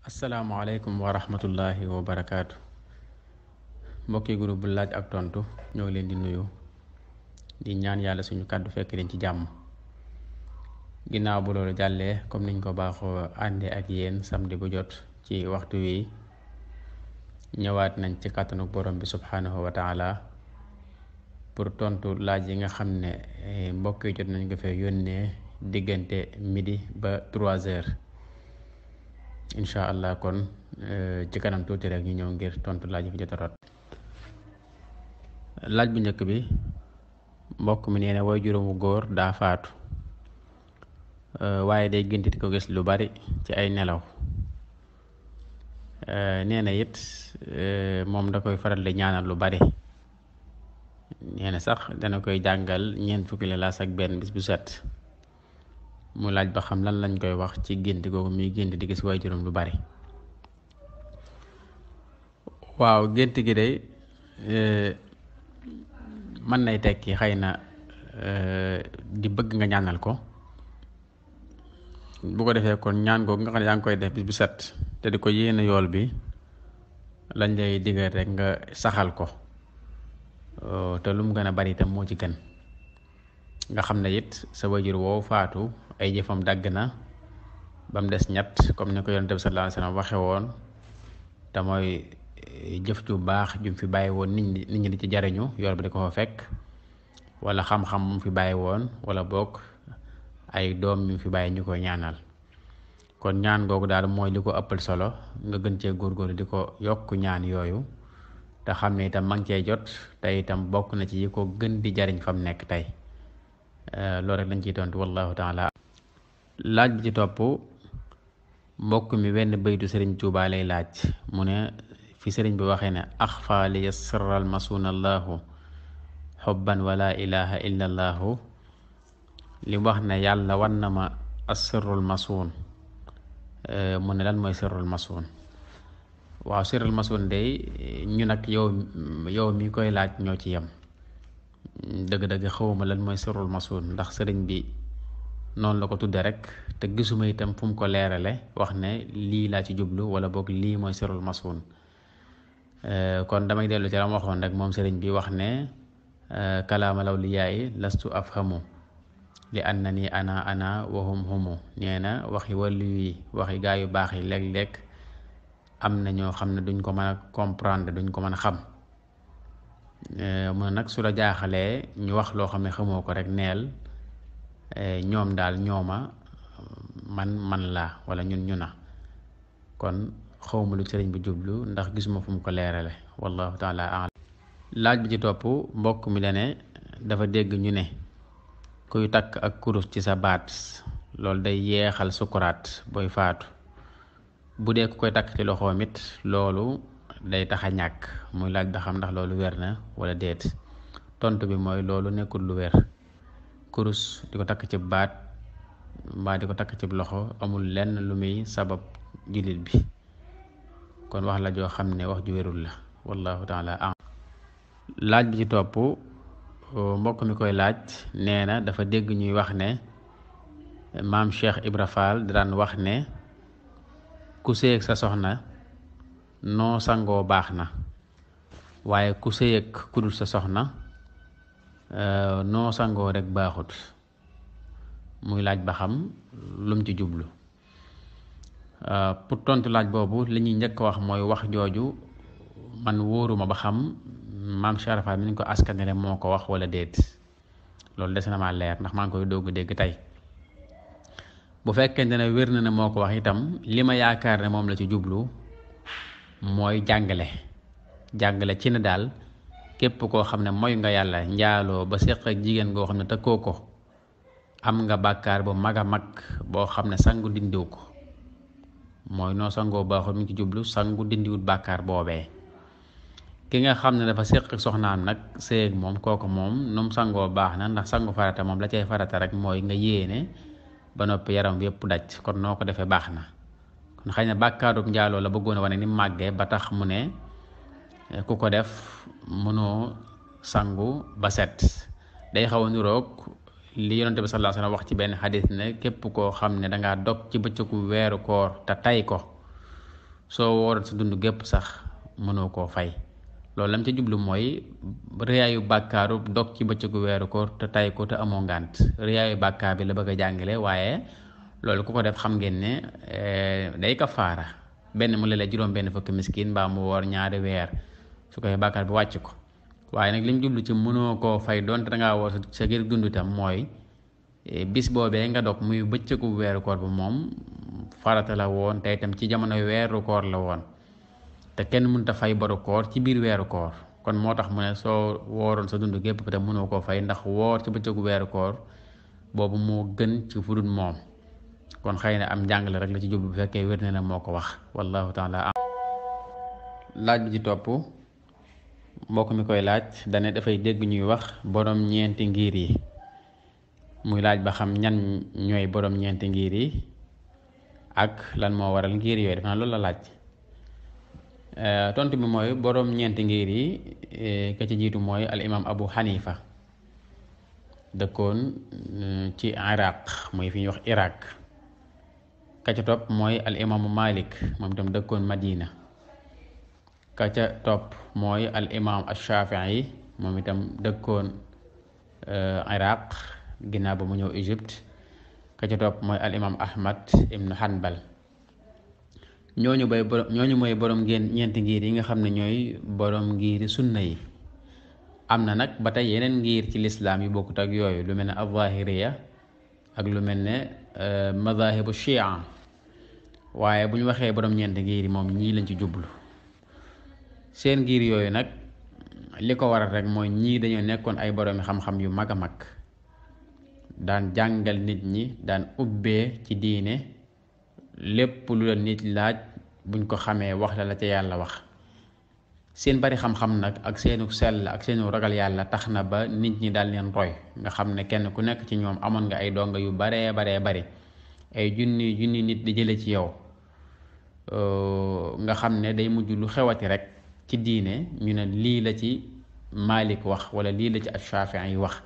asalaamaaleykum wa rahmatullahi wa barakaatu mbokki groupe bu laaj ak tontu ñoo leen di nuyu di ñaan yàlla suñu kàddu fekk leen ci jàmm ginnaaw bu loolu jàllee comme niñ ko baaxoo àndee ak yéen samedi bu jot ci waxtu wi ñëwaat nañ ci kàttanu borom bi subhaanahu wa taala pour tontu laaj yi nga xam ne eh, mbokk yi jot nañ ko fee yónnee diggante midi ba trois heures. incha allah kon eh, ci kanam tuuti rek ñu ñëw ngir tontu laaj fi jot a rot bu njëkk bi mbokk mi nee way juróomu góor daa faatu eh, waaye day gént di ko gis lu bari ci ay nelaw eh, nee na it moom da koy faral di ñaanal lu bari nee na sax dana koy jàngal ñeent fukki laa laas benn bis bu set mu laaj ba xam lan lañ koy wax ci gént googu muy gént di gis waajuram lu bari waaw gént gi day eh, mën nay tekki xay na eh, di bëgg nga ñaanal ko bu ko defee kon ñaan googu nga xam ne yaa ngi koy def bis bu set te di ko yéene yool bi lañ lay digal rek nga saxal ko oh, te lu mu gën a bari itam moo ci gën nga xam ne it sa wajur woo faatu ay jëfam dagg na bam des ñett comme ni ko yonent bi sallallahu alayhi wasallam waxe woon te mooy eh, jëf ju baax jum fi bàyyi woon nit ñi di ci jariñu yoon bi di ko fa fekk wala xam-xam mu fi bàyyi woon wala bokk ay doom ñu fi bàyyi ñu ko ñaanal kon ñaan googu daal mooy li ko ëppal solo nga gën cee góorgóorlu di ko yokk ñaan yooyu te xam ne itam ma ngi cee jot te itam bokk na ci yi ko gën di jariñ fam nekk tey eh, loolu rek lañ ciy tontu wallahu taala laaj bi ci topp mbokk mi wenn baytu sëriñ Tuubaa laaj mu ne fi sëriñ bi waxee ne axfa liya sirral masuna llaahu xobban wa laa ilaha illa li wax ne yàlla wan na ma asirrul masuun eh, mu ne lan mooy sirrul masuun waaw sëral masuun day ñu nag yow yow mi koy laaj ñoo ci yem dëgg-dëgg xawma lan mooy sirrul masuun ndax sëriñ bi noonu la ko tudde rek te gisuma itam fu ko leerale wax ne lii laa ci jublu wala boog lii mooy sirul masuun euh, kon damay dellu ci lam waxoon rek moom sëriñ bi wax ne euh, kalaama law li yaay lastu afhamu li anna ni ana ana wahum humu nee na waxi wàllu yi waxi gaa yu baax yi léeg-léeg am na ñoo xam ne duñ ko mën a comprendre duñ ko mën a xam euh, mu ne nag su la jaaxalee ñu wax loo xam ne xamoo ko rek neel Eh, ñoom daal ñooma man man laa wala ñun ñu na kon xawma lu sëriñ bi jublu ndax gisuma fu mu ko leerale wallahu taala alam laaj bi ci topp mbokk mi la ne dafa dégg ñu ne kuy takk ak kurus ci sa baat loolu day yeexal sukuraat booy faatu bu dee ku koy takk ci loxoom it loolu day tax a ñàkk muy laaj ba xam ndax loolu weer na wala déet tontu bi mooy loolu nekkul lu weer kurus di ko takk ci baat mbaa di ko takk cib loxo amul lenn lu muy sabab jullit bi kon wax la joo xam ne wax ju wérul la wallahu taala laaj bi ci topp mbokk mi koy laaj nee na dafa dégg ñuy wax ne maam Cheikh Ibra Fall daan wax ne ku séyeg sa soxna noo sangoo baax na waaye ku séyeg sa soxna Euh, noo sangoo rek baaxut muy laaj ba xam lum ci jublu euh, pour tontu laaj boobu li ñuy njëkk wax mooy wax jooju man wóoruma ba xam maam Sharafa mi ñu ko askanele moo ko wax walla déet loolu des na maa leer ndax maa ngi koy doogu dégg tey bu fekkente ne wér na ne moo ko wax itam li ma yaakaar ne moom la ci jublu mooy jàngale jàngale ci ne daal képp koo xam ne mooy nga yàlla njaaloo ba séq ak jigéen goo xam ne koo ko am nga bàkkaar bu mag a mag boo xam ne sangu dindiw ko mooy noo sangoo baaxul mi ngi jublu sangu dindiwut bàkkaar boobee ki nga xam ne dafa séq soxnaam nag séeg moom kooku moom nu sangoo baax na ndax sangu farata moom la cay farata rek mooy nga yéene ba noppi yaram yépp yëpp daj kon noo ko defee baax na kon xëy na bàkkaarub njaaloo la bëggoon a wane ni màggee ba tax mu ne Eh, ku ko def mënoo sangu ba set day xaw a niroog li yonente bi sallallahu alayhi wax ci benn xadis ne képp koo xam ne dangaa dog ci bëccëgu weeru koor te tay ko soo wooroon sa dund gépp sax mënoo koo fay loolu lam ca jublu mooy réyaayu bàkkaaru dog ci bëccëgu weeru koor te tay ko te amoo ngànt yu bàkkaar bi la bëgg a jàngale waaye loolu ku ko def xam ngeen ne eh, day kafaara benn mu la juróom benn fukki miskin mbaa mu woor ñaari weer su ko defee bàkkaar bi wàcc ko waaye nag lim jublu ci mënoo koo fay donte dangaa woor sa ngir dund tam mooy eh, bis boobee nga dog muy bëccëgu weeru koor bu moom farata la woon tey itam ci jamono weeru koor la woon te kenn mënut a fay boru koor ci biir weeru koor kon moo tax mu ne soo wooroon sa dund gépp te mënoo koo fay ndax woor ci bëccëgu weeru koor boobu moo gën ci fudut moom kon xëy na am njàngale rek la ci jublu bu fekkee wér na ne moo ko wax wallahu taala laaj bi ci mbokk mi koy laaj dane dafay dégg ñuy wax borom ñeenti ngir yi muy laaj ba xam ñan ñooy borom ñeenti ngir yi ak lan moo waral ngiir yooyu def naa loolu la laaj euh, tontu bi mooy borom ñeenti ngir yi eh, ka ci jiitu mooy al imam abu xanifa dëkkoon euh, ci iraq muy fi ñuy wax iraq ka topp mooy al imaamu malik moom itam dëkkoon madina ka ca topp mooy al imaam Shafii yi moom itam dëkkoon eh, Iraq ginnaaw ba mu ñëw Égypte ka ca topp mooy al imaam Ahmad ibnu Hanbal ñooñu bay ñooñu mooy borom ngeen ñeenti ngiir yi nga xam ne ñooy boroom ngir sunna yi am na nag ba tey yeneen ngir ci lislaam yi bokkut ak yooyu lu mel ne azahiriya ak lu mel ne eh, madahibu shia waaye bu waxee borom ñeenti ngir yi moom ñii lañ ci jublu. seen ngir yooyu nag li ko waral rek mooy ñii dañoo nekkoon ay boroomi xam-xam yu mag a mag daan jàngal nit ñi daan ubbee ci diine lépp lu la nit laaj buñ ko xamee wax la la ca yàlla wax seen bari xam-xam nag ak seenu sell ak seenu ragal yàlla tax na ba nit ñi daal leen roy nga xam ne kenn ku nekk ci ñoom amoon nga ay donga yu baree baree bari ay junni junni nit di jële ci yow nga xam ne day mujj lu xewati rek ci diine ñu ne lii la ci Malik wax wala lii la ci ak Shaafi'i yi wax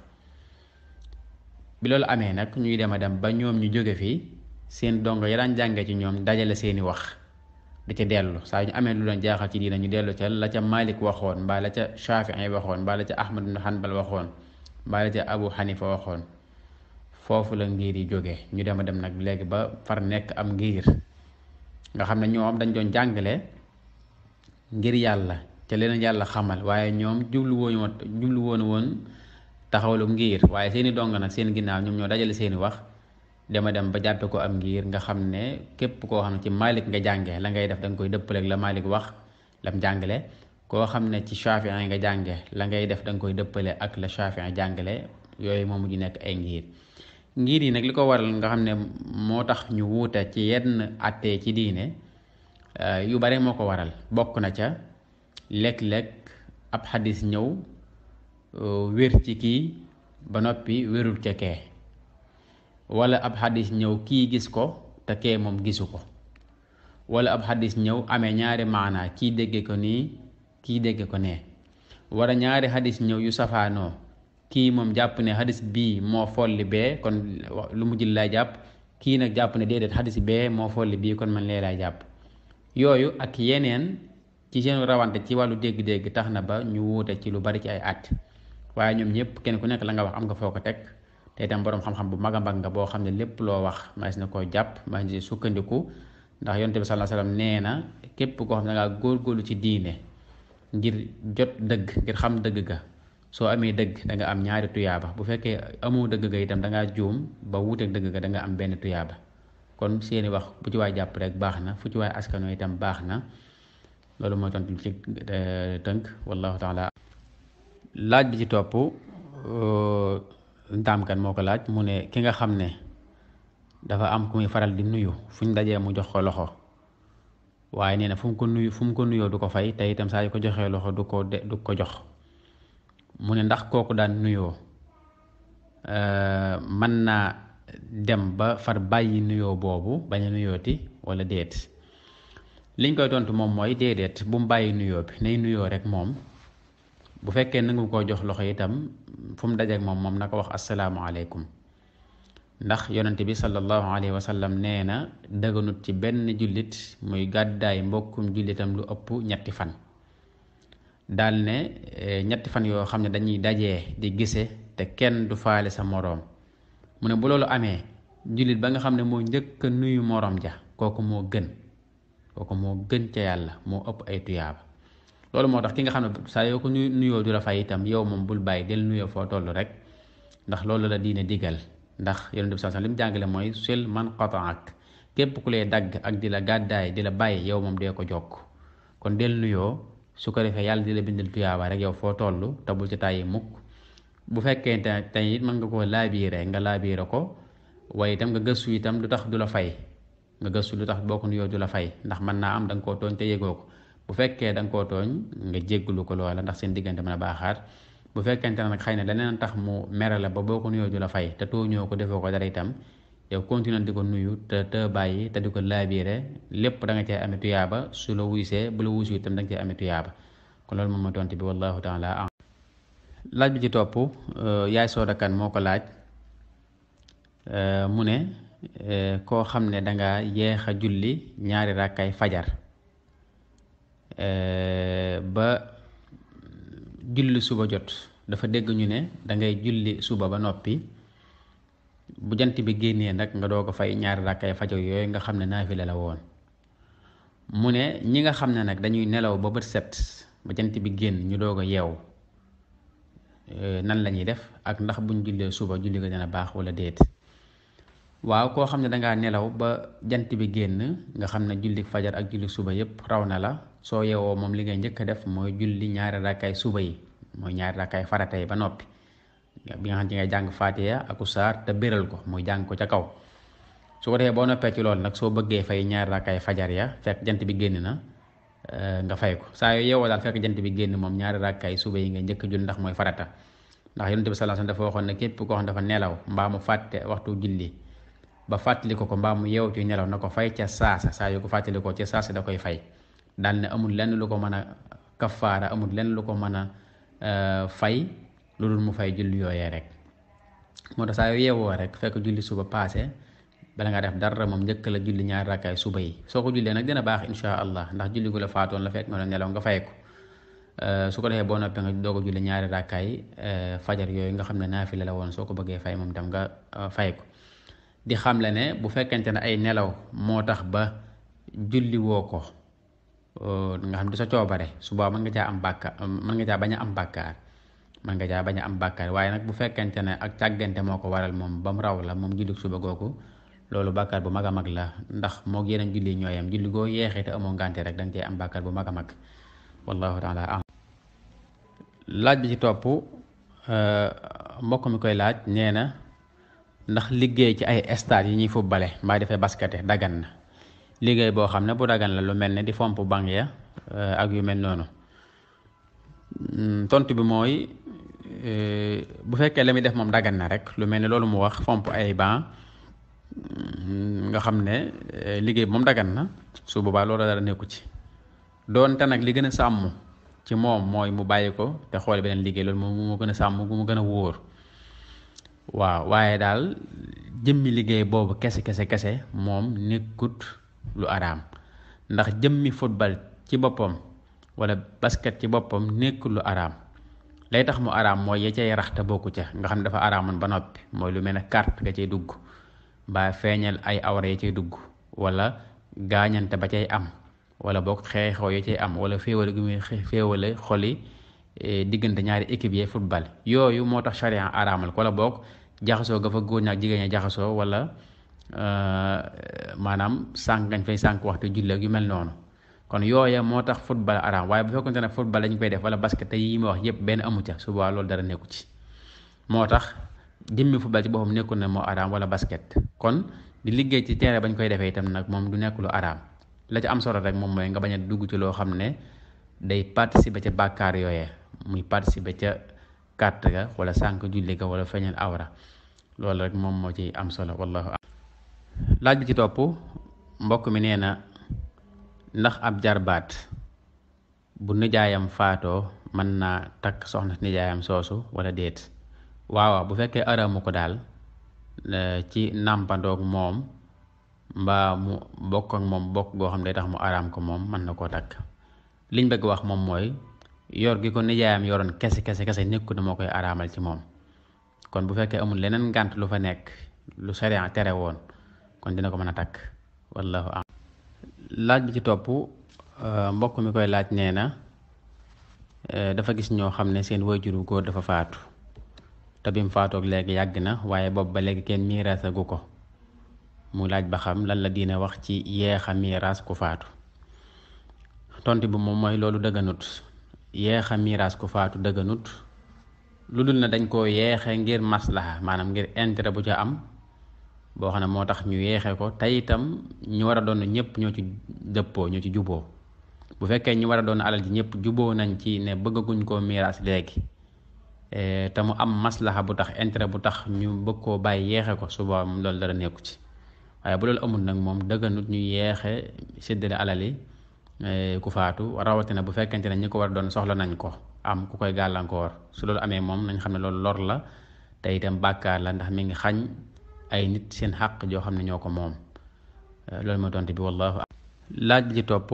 bi loolu amee nag ñuy dem a dem ba ñoom ñu jóge fii seen dongo ya daan jànge ci ñoom dajale seeni wax da ci dellu saa yu ñu amee lu doon jaaxal ci diine ñu dellu ca la ca Malik waxoon mbaa la ca Shaafi'i yi waxoon mbaa la ca Ahmad ibn Hanbal waxoon mbaa la ca Abu Hanifa waxoon foofu la ngiir yi jóge ñu dem a dem nag léegi ba far nekk am ngir nga xam ne ñoom dañ doon jàngale ngir yàlla ca leen yàlla xamal waaye ñoom jublu woon woon jublu woon woon taxawlu ngir waaye seeni dong nag seen ginnaaw ñoom ñoo dajale seeni wax dema dem ba jàppe ko am ngir nga xam ne képp koo xam ne ci Malik nga jànge la ngay def da nga koy dëppaleeg la Malik wax lam jàngale koo xam ne ci Shafi'i nga jànge la ngay def da nga koy dëppale ak la Shafi'i jàngale yooyu moom mujj nekk ay ngir ngiir yi nag li ko waral nga xam ne moo tax ñu wuute ci yenn àtte ci diine Euh, yu bare moo ko waral bokk na ca léeg-léeg ab xadis ñëw euh, wér ci kii ba noppi wérul ca kee wala ab xadis ñëw kii gis ko te kee moom gisu ko wala ab xadis ñëw amee ñaari maanaa kii dégge ko nii kii dégge ko nee wala ñaari xadis ñëw yu safaanoo kii moom jàpp ne xadis bii moo folli bee kon lu mu jël lay jàpp kii nag jàpp ne déedéet xadis bee moo folli bii kon man lee lay jàpp yooyu ak yeneen ci seenu rawante ci wàllu dégg-dégg tax na ba ñu wuute ci lu bari ci ay at waaye ñoom ñëpp kenn ku nekk la nga wax am nga foo ko teg te itam boroom xam-xam bu mag a mag nga boo xam ne lépp loo wax mas na koo jàpp mas na sukkandiku ndax yonte bi sallallahu alayhi nee na képp koo xam ne dangaa góorgóorlu ci diine ngir jot dëgg ngir xam dëgg ga soo amee dëgg da nga am ñaari tuyaaba bu fekkee amoo dëgg ga itam dangaa juum ba wuuteeg dëgg ga da am benn tuyaaba kon seeni wax bu ci waay jàpp rek baax na fu ci waay askanoo itam baax na loolu mooy tontu ci euh, tënk wallahu taala laaj bi ci topp euh, ndaamkan moo ko laaj mu ne ki nga xam ne dafa am ku muy faral di nuyu fu ñu dajee mu jox ko loxo waaye nee na fu mu ko nuyu fu mu ko nuyoo du ko fay te itam saa yu ko joxee loxo du ko de du ko jox mu ne ndax kooku daan nuyoo euh, mën naa dem ba far bàyyi nuyoo boobu bañ a nuyooti wala déet liñ koy tontu moom mooy déedéet bu mu bàyyi nuyoo bi nay nuyoo rek moom bu fekkee nangu ko jox loxo itam fu mu dajeek moom moom na ko wax asalaamaaleykum ndax yonent bi sallallahu alayhi wa sallam nee na dëgganut ci benn jullit muy gàddaay mbokkum jullitam lu ëpp ñetti fan dal ne eh, ñetti fan yoo xam ne dañuy dajee di gise te kenn du faale sa moroom mu ne bu loolu amee jullit ba nga xam ne moo njëkk nuyu morom ja kooku moo gën kooku moo gën ca yàlla moo ëpp ay tuyaaba loolu moo tax ki nga xam ne saa yoo ko nuyoo du la fay itam yow moom bul bàyyi del nuyoo foo toll rek ndax loolu la diine digal ndax yonent bi sallallahu alayhi wasallam li mu jàngale mooy sel man qata'ak képp ku lay dagg ak di la gàddaay di la bàyyi yow moom dee ko jokk kon del nuyoo su ko defee yàlla di la bindal tuyaaba rek yow foo toll te bu fekkente ne tey it mën nga koo laabiire nga laabiire ko waaye itam nga gëstu itam lu tax du la fay nga gëstu lu tax boo ko nuyoo du la fay ndax mën naa am da koo tooñ te yëgoo ko bu fekkee da koo tooñ nga jégglu ko loola ndax seen diggante mën a baaxaat bu fekkente ne nag xëy na leneen tax mu mere la ba boo ko nuyoo la fay te tooñoo ko defoo ko dara itam yow continué di ko nuyu te te bàyyi te di ko laabiire lépp da nga cee ame tuyaaba su la wuysee bu la wuysu itam da nga cee tuyaaba kon loolu moom ma tontu bi wallahu taala laaj bi ci topp euh, yaay Sooda Kan moo ko laaj euh, mu ne euh, koo xam ne danga yeex a julli ñaari rakkay fajar ba julli suba jot dafa dégg ñu ne dangay julli suba ba noppi bu jant bi génnee nag nga doo ko fay ñaari rakkay fajar yooyu nga xam ne naafila la woon mu ne ñi nga xam ne nag dañuy nelaw ba bët set ba jant bi génn ñu doog a yeew Euh, nan la ñuy def ak ndax buñ jullee suba julli ko dina baax wala déet waaw koo xam ne danga nelaw ba jant bi génn nga xam ne jullik fajar ak jullik suba yépp raw na la soo yeewoo moom li njëkk a def mooy julli ñaari rakkaay suba yi mooy ñaari rakkaay farata yi ba noppi bi nga xam ne ngay jàng faatiya ak saar te béral ko muy jàng ko ca kaw su ko defee boo noppee ci loolu nag soo bëggee fay ñaari rakkaay fajar ya fekk jant bi génn na Euh, nga fay ko saa yoo yeewoo daal fekk jant bi génn moom ñaari rakkaay suba yi nga njëkk jul ndax mooy farata ndax yonent bi sallallahu alayhi wasallam dafa waxoon ne képp koo xam dafa nelaw mbaa mu ba fàttali ko ko mbaa mu yeew nelaw na ko fay ca saasa saa yu ko fàttali ko ca saasa koy fay daal ne amul lenn lu ko man a kafaara amul lenn lu ko mën a euh, fay lu dul mu fay julli yooyee rek moo tax saa yu yeewoo rek fekk julli suba paase bala ngaa def dara moom njëkk la julli ñaari rakkaay suba yi soo ko jullee nag dina baax insha allah ndax julli ko la faatoon la fekk nga doon nelaw nga fay ko euh, su ko defee boo noppee nga doog a julli ñaari rakkaay euh, fajar yooyu nga xam ne naafila la woon soo ko bëggee fay moom tam nga euh, fay ko di xam le ne bu fekkente ne ay nelaw moo tax ba julli woo ko nga xam di sa coobare suba mën nga caa am bàkkaar mën nga caa bañ a am bàkkaar mën nga caa bañ am bàkkaar waaye nag bu fekkente ne ak càggante moo ko waral moom ba mu raw la moom julli suba googu loolu bàkkaar bu mag a mag la ndax moo yeneen julli ñooyam julli goo yeexee te amoo ngànte rek da nga cee am bàkkaar bu mag a mag wallahu taala am laaj bi ci topp euh, mbokk mi koy laaj nee na ndax liggéey ci ay stade yi ñuy footballé mbaa dafay baskete daggan na liggéey boo xam ne bu daggan la lu mel ne di fomp bank ya euh, ak yu mel noonu hmm, tontu bi mooy euh, bu fekkee la muy def moom daggan na rek lu mel ne loolu mu wax fomp ay banc nga xam ne eh, liggéey bi moom dagan na su boobaa loolu dara nekku ci doonte nag li gën a sàmm ci moom mooy mu bàyyi ko te xoole beneen liggéey loolu moom mu gën a sàmm mu gën a wóor waaw waaye daal jëmmi liggéey boobu kese kese kese moom nekkut lu araam ndax jëmmi football ci boppam wala basket ci boppam nekkut lu araam lay tax mu araam mooy ya ca yaraxte bokku ca nga xam ne dafa araamoon ba noppi mooy lu mel ne carte nga cay dugg ba feeñal ay awra ya cay dugg wala gaañante ba cay am wala boog xeexoo ya cay am wala féewale gu muy féewale xoli e, diggante ñaari équipe yee football yooyu moo tax charia araamal ko wala jaxasoo ga fa góor ñaak jigéen ña jaxasoo wala e, maanaam sànq ngañ fay sànq waxtu julli ak yu mel noonu kon yooya moo tax football araam waaye bu fekkonte ne football lañ koy def wala basket te yi ma wax yépp benn amu ca suba loolu dara nekku ci moo tax jëmmi football ci boppam nekkul na moo araam wala basket kon di liggéey ci teere bañ koy defee itam nag moom du nekk lu araam la ci am solo rek moom mooy nga bañ a dugg ci loo xam ne day participer ca bàkkaar yooyee muy participer ca carte ga wala sànq julli ga wala feeñal awra loolu rek moom moo ci am solo wallahu laaj bi ci topp mbokk mi nee na ndax ab jarbaat bu nijaayam faatoo mën naa takk soxna nijaayam soosu wala déet waawa bu fekkee aramu ko daal ci nàmpandoog moom mbaa mu bokk ak moom bokk goo xam ne day tax mu araam ko moom mën na koo takk liñ bëgg wax moom mooy yor gi ko nijaayam yoroon kese kese kese nekkul ne moo koy araamal ci moom kon bu fekkee amul leneen ngànt lu fa nekk lu sariya tere woon kon dina ko mën a takk wallaahu laaj bi ci topp euh, mbokk mi koy laaj nee na euh, dafa gis ñoo xam ne seen waajuru góor dafa faatu te bim faatoog léegi yàgg na waaye boobu ba léegi kenn miiraasagu ko mu laaj ba xam lan la diine wax ci yeex a miiraas ku faatu tontu bi moom mooy loolu dëgganut yeex miraas miiraas ku faatu dëgganut lu dul na dañ koo yeexe ngir maslaha maanaam ngir intérêt bu ca am boo xam ne moo tax ñu yeexe ko tey itam ñu war a doon ñëpp ñoo ci dëppoo ñoo ci juboo bu fekkee ñu war a doon alal ji ñëpp juboo nañ ci ne bëggaguñ koo miiraas léegi Eh, te mu am maslaxa bu tax intérêt bu tax ñu bëgg koo bàyyi yeexe ko suba moom loolu dara nekku ci waaye bu loolu amut nag moom dëgganut ñu yeexe séddale alali eh, ku faatu rawatina bu fekkente ne ñi ko war doon soxla nañ ko am ku koy gàllankoor su loolu amee moom nañ xam ne loolu lor la tey itam bàkkaar la ndax mi ngi xañ ay nit seen xàq joo xam ne ñoo ko moom eh, loolu mooy tontu bi wallaahu laaj ji topp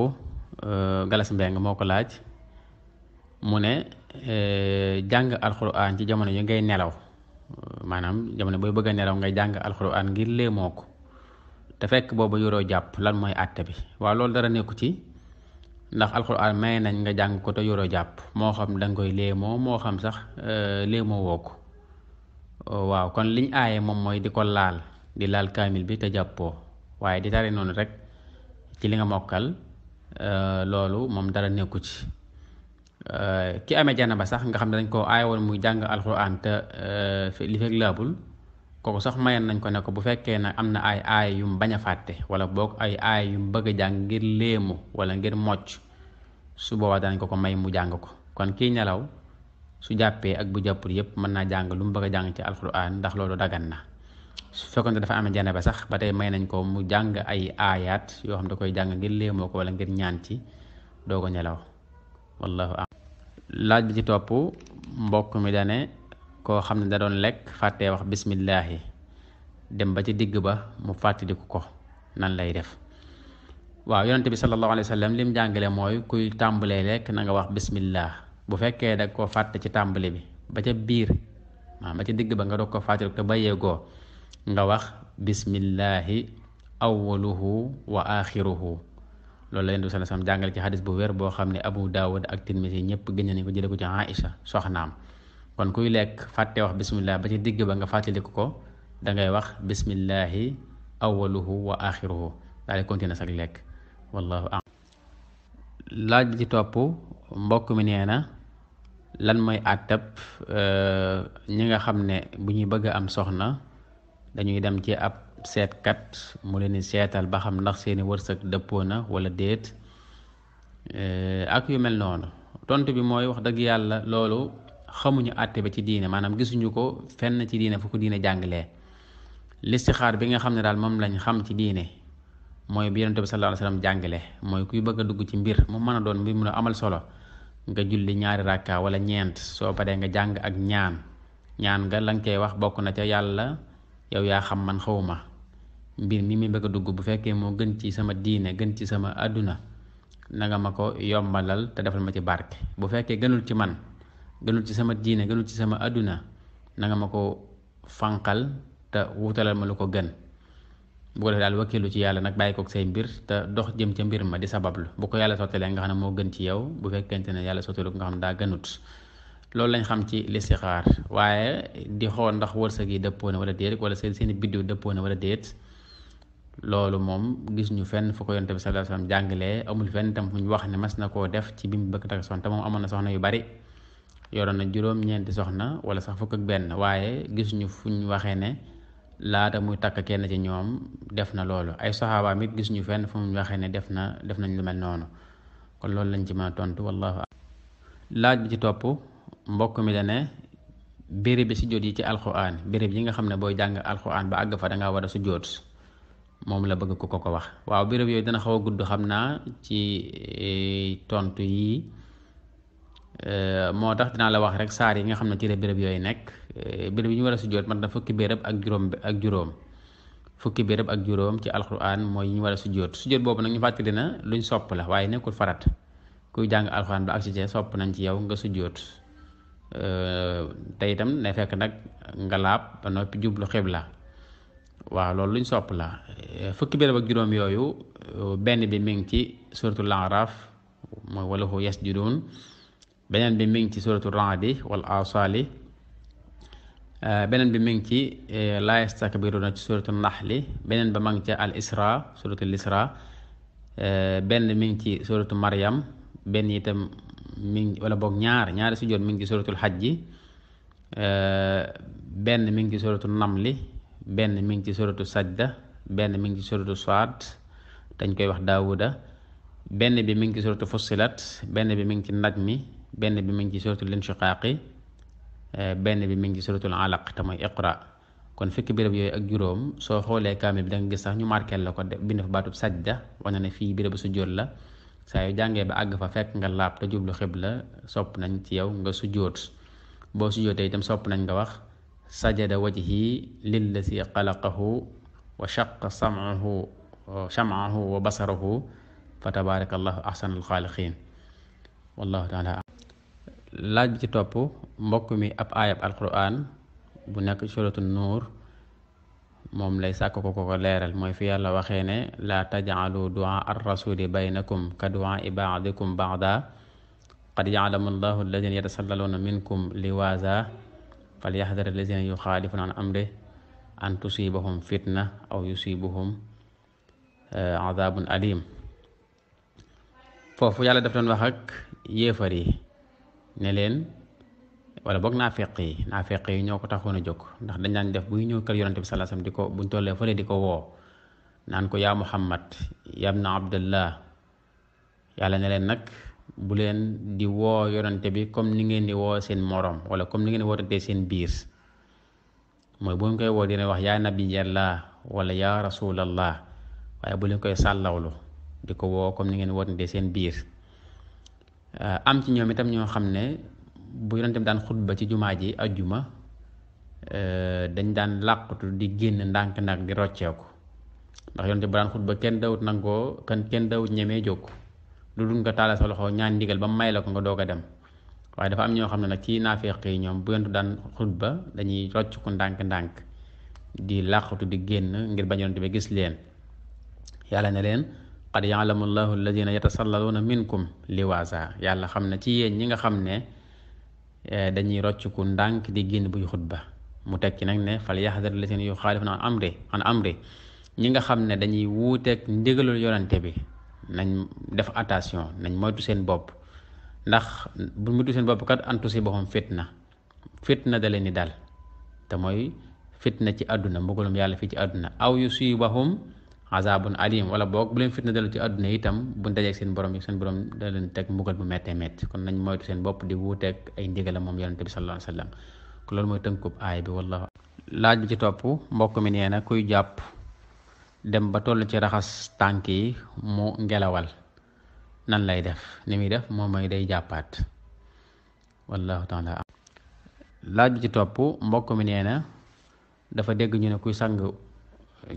Galas Mbeng moo ko laaj mu ne jàng alxuraan ci jamono yi ngay nelaw maanaam jamono booy bëgg a nelaw ngay jàng alxuraan ngir léemoo ko te fekk booba yoroo jàpp lan mooy àtte bi waaw loolu dara nekku ci ndax alxuraan may nañ nga jàng ko te yoroo jàpp moo xam danga koy léemoo moo xam sax euh, léemoo woo ko waaw kon liñ aaye moom mooy di ko laal di laal kaamil bi te jàppoo waaye di tare noonu rek ci li nga mokkal euh, loolu moom dara nekku ci Euh, ki amee janaba sax nga xam ne dañ koo aayoon muy jàng alxuraan te euh, li fekk kooku sax mayan nañ ko ne ko bu fekkee nag am na ay aay yu bañ a fàtte wala boog ay aay bëgg a jàng ngir léemu wala ngir mocc su boobaa danañ ko ko may mu jàng ko kon kii nelaw su jàppee ak bu jàppul yépp mën naa jàng lu bëgg a jàng ci alxuraan ndax loolu dagan na su fekkoon dafa amee janaba sax ba tey may nañ ko mu jàng ay aayaat yoo xam da koy jàng ngir léemoo ko wala ngir ñaan ci doo ko nelaw wallahu laaj bi ci topp mbokk mi dane koo xam ne da doon lekk fàttee wax bismillaahi dem ba ci digg ba mu fàttaliku ko nan lay def waaw yonente bi sallallahu alayhi wa sallam lim jàngale mooy kuy tàmbalee lekk na nga wax bismillah bu fekkee da koo fàtte ci tàmbali bi ba ca biir waaw ba ca digg ba nga doog ko fàttaliku te bàyyeegoo nga wax bismillahi awwaluhu wa axiruhu loolu la yentu sallallahu alayhi wasallam jàngale ci xadis bu wér boo xam ne Abu Daawud ak Tirmisi ñëpp gën nañ ko jëlee ko ci Aïcha soxnaam kon kuy lekk fàtte wax bismillah ba ci digg ba nga fàttaliku ko da ngay wax bismillahi awaluhu wa axiruhu daal di continuer sax lekk wallahu am laaj bi ci topp mbokk mi nee na lan mooy àttab euh, ñi nga xam ne bu ñuy bëgg a am soxna dañuy dem ci ab seetkat mu leen di seetal ba xam ndax seeni wërsëg dëppoo na wala déet eh, ak yu mel noonu tontu bi mooy wax dëgg yàlla loolu xamuñu àtte bi ci diine maanaam gisuñu ko fenn ci diine fu ko diine jàngalee listixaar bi nga xam ne daal moom lañ xam ci diine mooy bi bi sallallahu jàngale mooy kuy bëgg a dugg ci mbir mu mën a doon mbir mu ne amal solo nga julli ñaari rakka wala ñeent soo paree nga jàng ak ñaan ñaan nga lañ koy wax bokk na ca yàlla yow yaa xam man xawma mbir mi mi bëgg a dugg bu fekkee moo gën ci sama diine gën ci sama àdduna na nga ma ko yombalal te defal ma ci barke bu fekkee gënul ci man gënul ci sama diine gënul ci sama àdduna nanga ma ko fanqal te wutalal ma lu ko gën bu ko defee daal wakkilu ci yàlla nag bàyyi kook say mbir te dox jëm ca mbir ma di sabablu bu ko yàlla sottalee nga xam ne moo gën ci yow bu fekkente ne yàlla sottalu nga xam ne daa gënut loolu lañ xam ci listixaar waaye di xool ndax wërsëg yi dëppoo na wala déet wala seen seeni biddiw dëppoo na wala déet loolu moom gis ñu fenn fu ko yonte bi sallallahu amul fenn tam fu ñu wax ne mas na koo def ci bi mu bëgg takk moom amoon na soxna bari yoroon na juróom-ñeenti soxna wala sax fukk ak benn waaye gis ñu waxee ne laata muy takk kenn ci ñoom def na loolu ay saxaabaam it gis fenn fu mu waxee ne def na def nañ lu mel noonu kon loolu lañ ci mën a tontu laaj bi ci topp mbokk mi la ne béréb bi sujjóot yi ci alxuraan béréb yi nga xam ne booy jàng alxuraan ba àgg fa dangaa war a sujjóot moom la bëgg ko ko ko wax waaw béréb yooyu dana xaw a gudd xam naa ci e, tontu yi e, moo tax dinaa la wax rek saar yi nga xam ne ci la yooyu nekk e, béréb yi ñu war a sujjoot mat na fukki béréb ak juróom ak juróom fukki béréb ak juróom ci alxuraan mooy ñu war a sujjoot sujjoot boobu nag ñu fàttali na luñ sopp la waaye nekkul farat kuy jàng alxuraan ba ak si sopp nañ ci yow nga sujjoot tey itam ne fekk nag nga laab ba noppi jublu xibla waaw loolu luñ sopp la eh, fukki béréb ak juróom yooyu benn bi mi ngi ci suratul laaraaf mooy walahu yasjuduun beneen bi mi ngi ci suratul raadi wal asaali eh, beneen bi mi ngi ci eh, laa yastakbiruuna ci suratul naxli beneen ba ma ngi ca al isra suratul isra benn mi ngi ci suratul maryam benn itam mi ngi wala boog ñaar ñaari sujjoot mi ngi ci suratul xajji benn mi ngi ci suratul namli benn mi ngi ci suratu sajda benn mi ngi ci suratu soit dañ koy wax Daawuda benn bi mi ngi ci suratu Fussilat benn bi mi ngi ci mi benn bi mi ngi ci suratul Inshiqaaqi eh, benn bi mi ngi ci suratul Alaq te mooy Iqra kon fekk béréb yooyu ak juróom soo xoolee kaamil bi da nga gis sax ñu marqué la ko bind fa baatub sajda wax na ne fii bérébu sujjóot la saa yu jàngee ba àgg fa fekk nga laab te jublu xibla sopp nañ ci yow nga sujjóot boo sujjóotee itam sopp nañ nga wax sajada wajhi lillazi xalaqahu wa shaqa samahu shamaahu wa basarahu fa tabaraka allahu ahsanul xaaliqin taala laaj bi topp mbokk mi ab aayab alquran bu nekk suratu moom lay sàkk ko ko leeral mooy fi yàlla waxee ne duaa ar rasuli ka duaa i baadikum qad yaclamu allahu alladina yatasallaluuna minkum liwaasa falyahdar allazina yuxaalifuna an amre an tusibahum fitna aw yusibuhum azabun alim foofu yàlla daf waxak wax ak yi ne leen wala boog naafeq yi naafeq yi ñoo ko taxoon a jóg ndax dañ daan def buy ñëw kër yonante bi sallallahu diko wasallam di ko buñ tollee fële di ko woo naan ko yaa muhammad yabna abdallah yàlla ne leen nag bu leen di woo yonante bi comme ni ngeen di woo seen morom wala comme ni ngeen di wootante seen biir mooy bu ngeen koy woo dina wax yaa nabiyallah wala yaa rasulallah waaye bu leen koy sàllawlu di ko woo comme ni ngeen woo wootante seen biir ah, am ci ñoom itam ñoo xam ne bu yonante bi daan xutba ci jumaa ji ak ajjuma eh, dañ daan làqutu di génn ndànk nag di rocceeku ndax yonante bu daan xutba kenn dawut nangoo kan kenn dawut ñemee jóg lu dul nga taala sa loxo ñaan ndigal ba mu may la ko nga doog a dem waaye dafa am ñoo xam ne nag ci naafeq yi ñoom bu yontu daan xutba dañuy rocc ndànk-ndànk di làqatu di génn ngir bañ yontu gis leen yàlla ne leen qad yaalamu llahu alladina yatasallaluuna minkum liwaasa yàlla xam ne ci yéen ñi nga xam ne eh, dañuy rocciku ndànk di génn buy xutba mu teg ci nag ne fal yaxdar alladina yuxaalifuna an amri an amri ñi nga xam ne dañuy wuuteeg ndigalul yonante bi nañ def attention nañ moytu seen bopp ndax bu moytu seen bopp kat antu si boppam fitna fitna da leen ni dal te mooy fitna ci àdduna mbugalum yàlla fii ci adduna aw yu yusibahum azabun alim wala boog bu leen fitna dalu ci àdduna itam bu dajeeg seen borom yi seen borom da leen teg mbugal bu mettee métti kon nañ moytu seen bopp di wuuteeg ay ndigalam moom yonente bi sallallahu alayhi wa sallam loolu mooy tënkub aay bi wallahu laaj bi ci topp mbokk mi n na kuy jàpp dem ba toll ci raxas tànk yi mu ngelawal nan lay def ni muy def moom mooy day jàppaat wallahu taala laaj bi ci topp mbokk mi nee na dafa dégg ñu ne kuy sang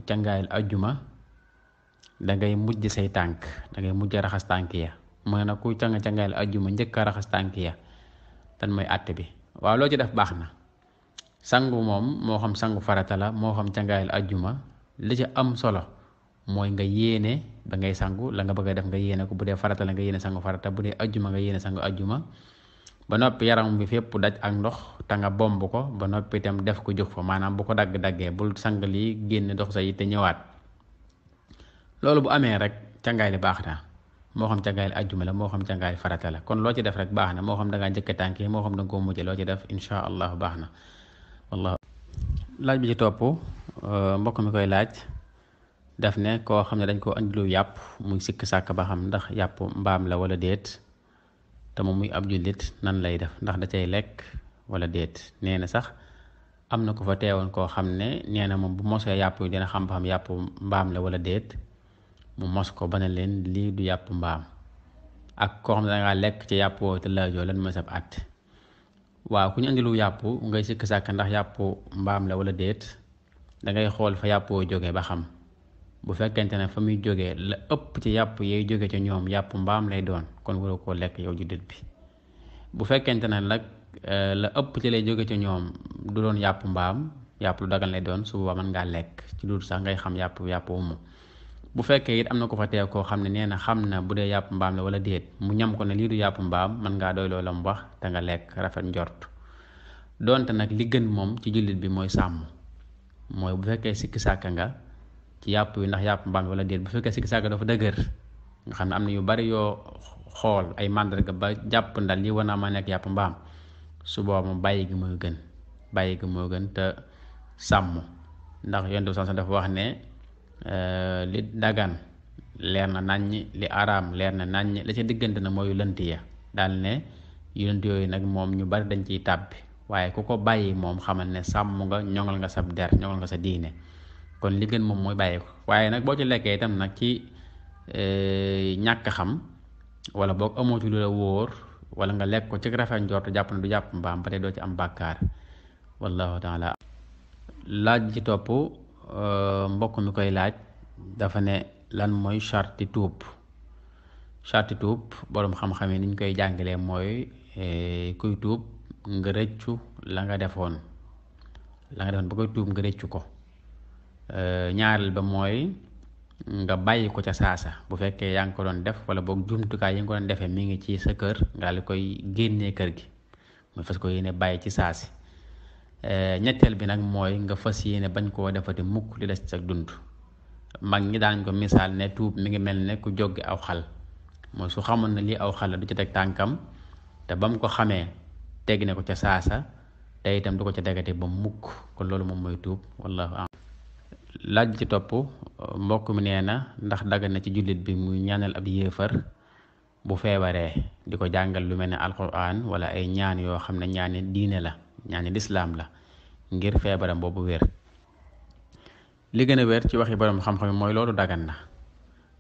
cangaayal ajjuma dangay mujj say tànk dangay mujj raxas tànk ya mu ne nag kuy sang cangaayal ajjuma njëkk raxas tànk ya tan mooy àtt bi waaw loo ci def baax na sangu moom moo xam sangu faratala moo xam cangaayal ajjuma li ca am solo mooy nga yéene ba ngay sangu la nga bëgg a def nga yéene ko bu dee farata nga yéene sangu farata bu dee ajjuma nga yéene sangu ajjuma ba noppi yaram bi fépp daj ak ndox te nga bomb ko ba noppi itam def ko jox fa maanaam bu ko dagg-daggee bul sang lii génne dox sa yi te ñëwaat loolu bu amee rek càngaay li baax na moo xam càngaay li ajjuma la moo xam càngaay li farata la kon loo ci def rek baax na moo xam da ngaa njëkk tànk moo xam da nga koo loo ci def incha allah baax na wallah Euh, mbokk mi koy laaj daf ne koo xam ne dañ koo andilu yàpp muy sikk sàkk ba xam ndax yàpp mbaam la wala déet te moom muy ab jullit nan lay def ndax da cay lekk wala déet nee na sax am na ko fa teewoon koo xam ne nee na moom bu mosee yàpp yu dina xam ba xam yàpp mbaam la wala déet mu mos ko ba ne leen lii du yàpp mbaam ak koo xam ne dangaa lekk ci yàpp woo te laajoo lan mooy sab at waaw ku ñu yàpp ngay sikk sàkk ndax yàpp mbaam la wala déet dangay xool fa yàpp woo jóge ba xam bu fekkente ne fa muy jóge la ëpp ci yàpp yay jóge ci ñoom yàpp mbaam lay doon kon waroo koo lekk yow jullit bi bu fekkente ne nag eh, la ëpp ci lay jóge ci ñoom du doon yàpp mbaam yàpp lu dagan lay doon su mën ngaa lekk ci loolu sax xam yàpp yàpp wumu bu fekkee it am na ko fa tee koo xam ne nee na xam na bu dee yàpp mbaam la wala déet mu ñam ko ne lii du yàpp mbaam mën ngaa doy loola mu wax te nga lekk rafet njort donte nag li gën moom ci jullit bi mooy sàmm mooy bu fekkee sikki sàkka nga ci yàpp wi ndax yàpp mbaam wala déet bu fekkee sikki sàkka dafa dëgër nga xam ne am na yu bari yoo xool ay màndarga ba jàpp ndal li war naa ma nekk yàpp mbaam su boobu bàyyi gi mooy gën bàyyi gi moo gën te sàmm ndax yonent bi sax dafa wax ne euh, li dagan leer na naññ li araam leer na naññ la ca diggante na mooy lënt yi daal ne yonent yooyu nag moom ñu bari dañ ciy tàbbi waaye ku ko bàyyi moom xamal ne sàmm nga ñoŋal nga sab der ñoŋal nga sa diine kon li gën moom mooy bàyyi ko waaye nag boo ci lekkee itam nag ci eh, ñàkk xam wala boog amoo ci lu la wóor wala nga lekk ko ci rafet njort jàpp na du jàpp mbaam ba tey doo ci am bàkkaar wallahu taala laaj ci topp eh, mbokk mi koy laaj dafa ne lan mooy charti tuub charti tuub boroom xam-xam yi niñ koy jàngalee mooy eh, kuy tuub nga rëccu la nga defoon la nga defoon ba koy tuub nga rëccu ko euh, ñaareel ba mooy nga bàyyi ko ca saasa bu fekkee yaa ngi ko doon def wala boog jumtukaay yi nga ko doon defee mi ngi ci sa kër nga koy génnee kër gi nga fas ko yéene bàyyi ci saasi euh, ñetteel bi nag mooy nga fas yéene bañ koo defati mukk li des sa dund mag ñi daan ko misaal ne tuub mi ngi mel ne ku joggi aw xal mooy su xamoon na lii aw xal la du ci teg tànkam te ba mu ko xamee. tegg ne ko ca saasa te itam du ko ca dagate ba mukk ko loolu moom mooy tuub wallahu am laaj ci topp mbokk mi nee na ndax daga na ci jullit bi muy ñaanal ab yéefar bu feebaree di ko jàngal lu mel ni ne alquran wala ay ñaan yoo xam ne ñaani diine la ñaani lislaam la ngir feebaram boobu wér li gën a wér ci waxi borom xam-xam yi mooy loolu daggan na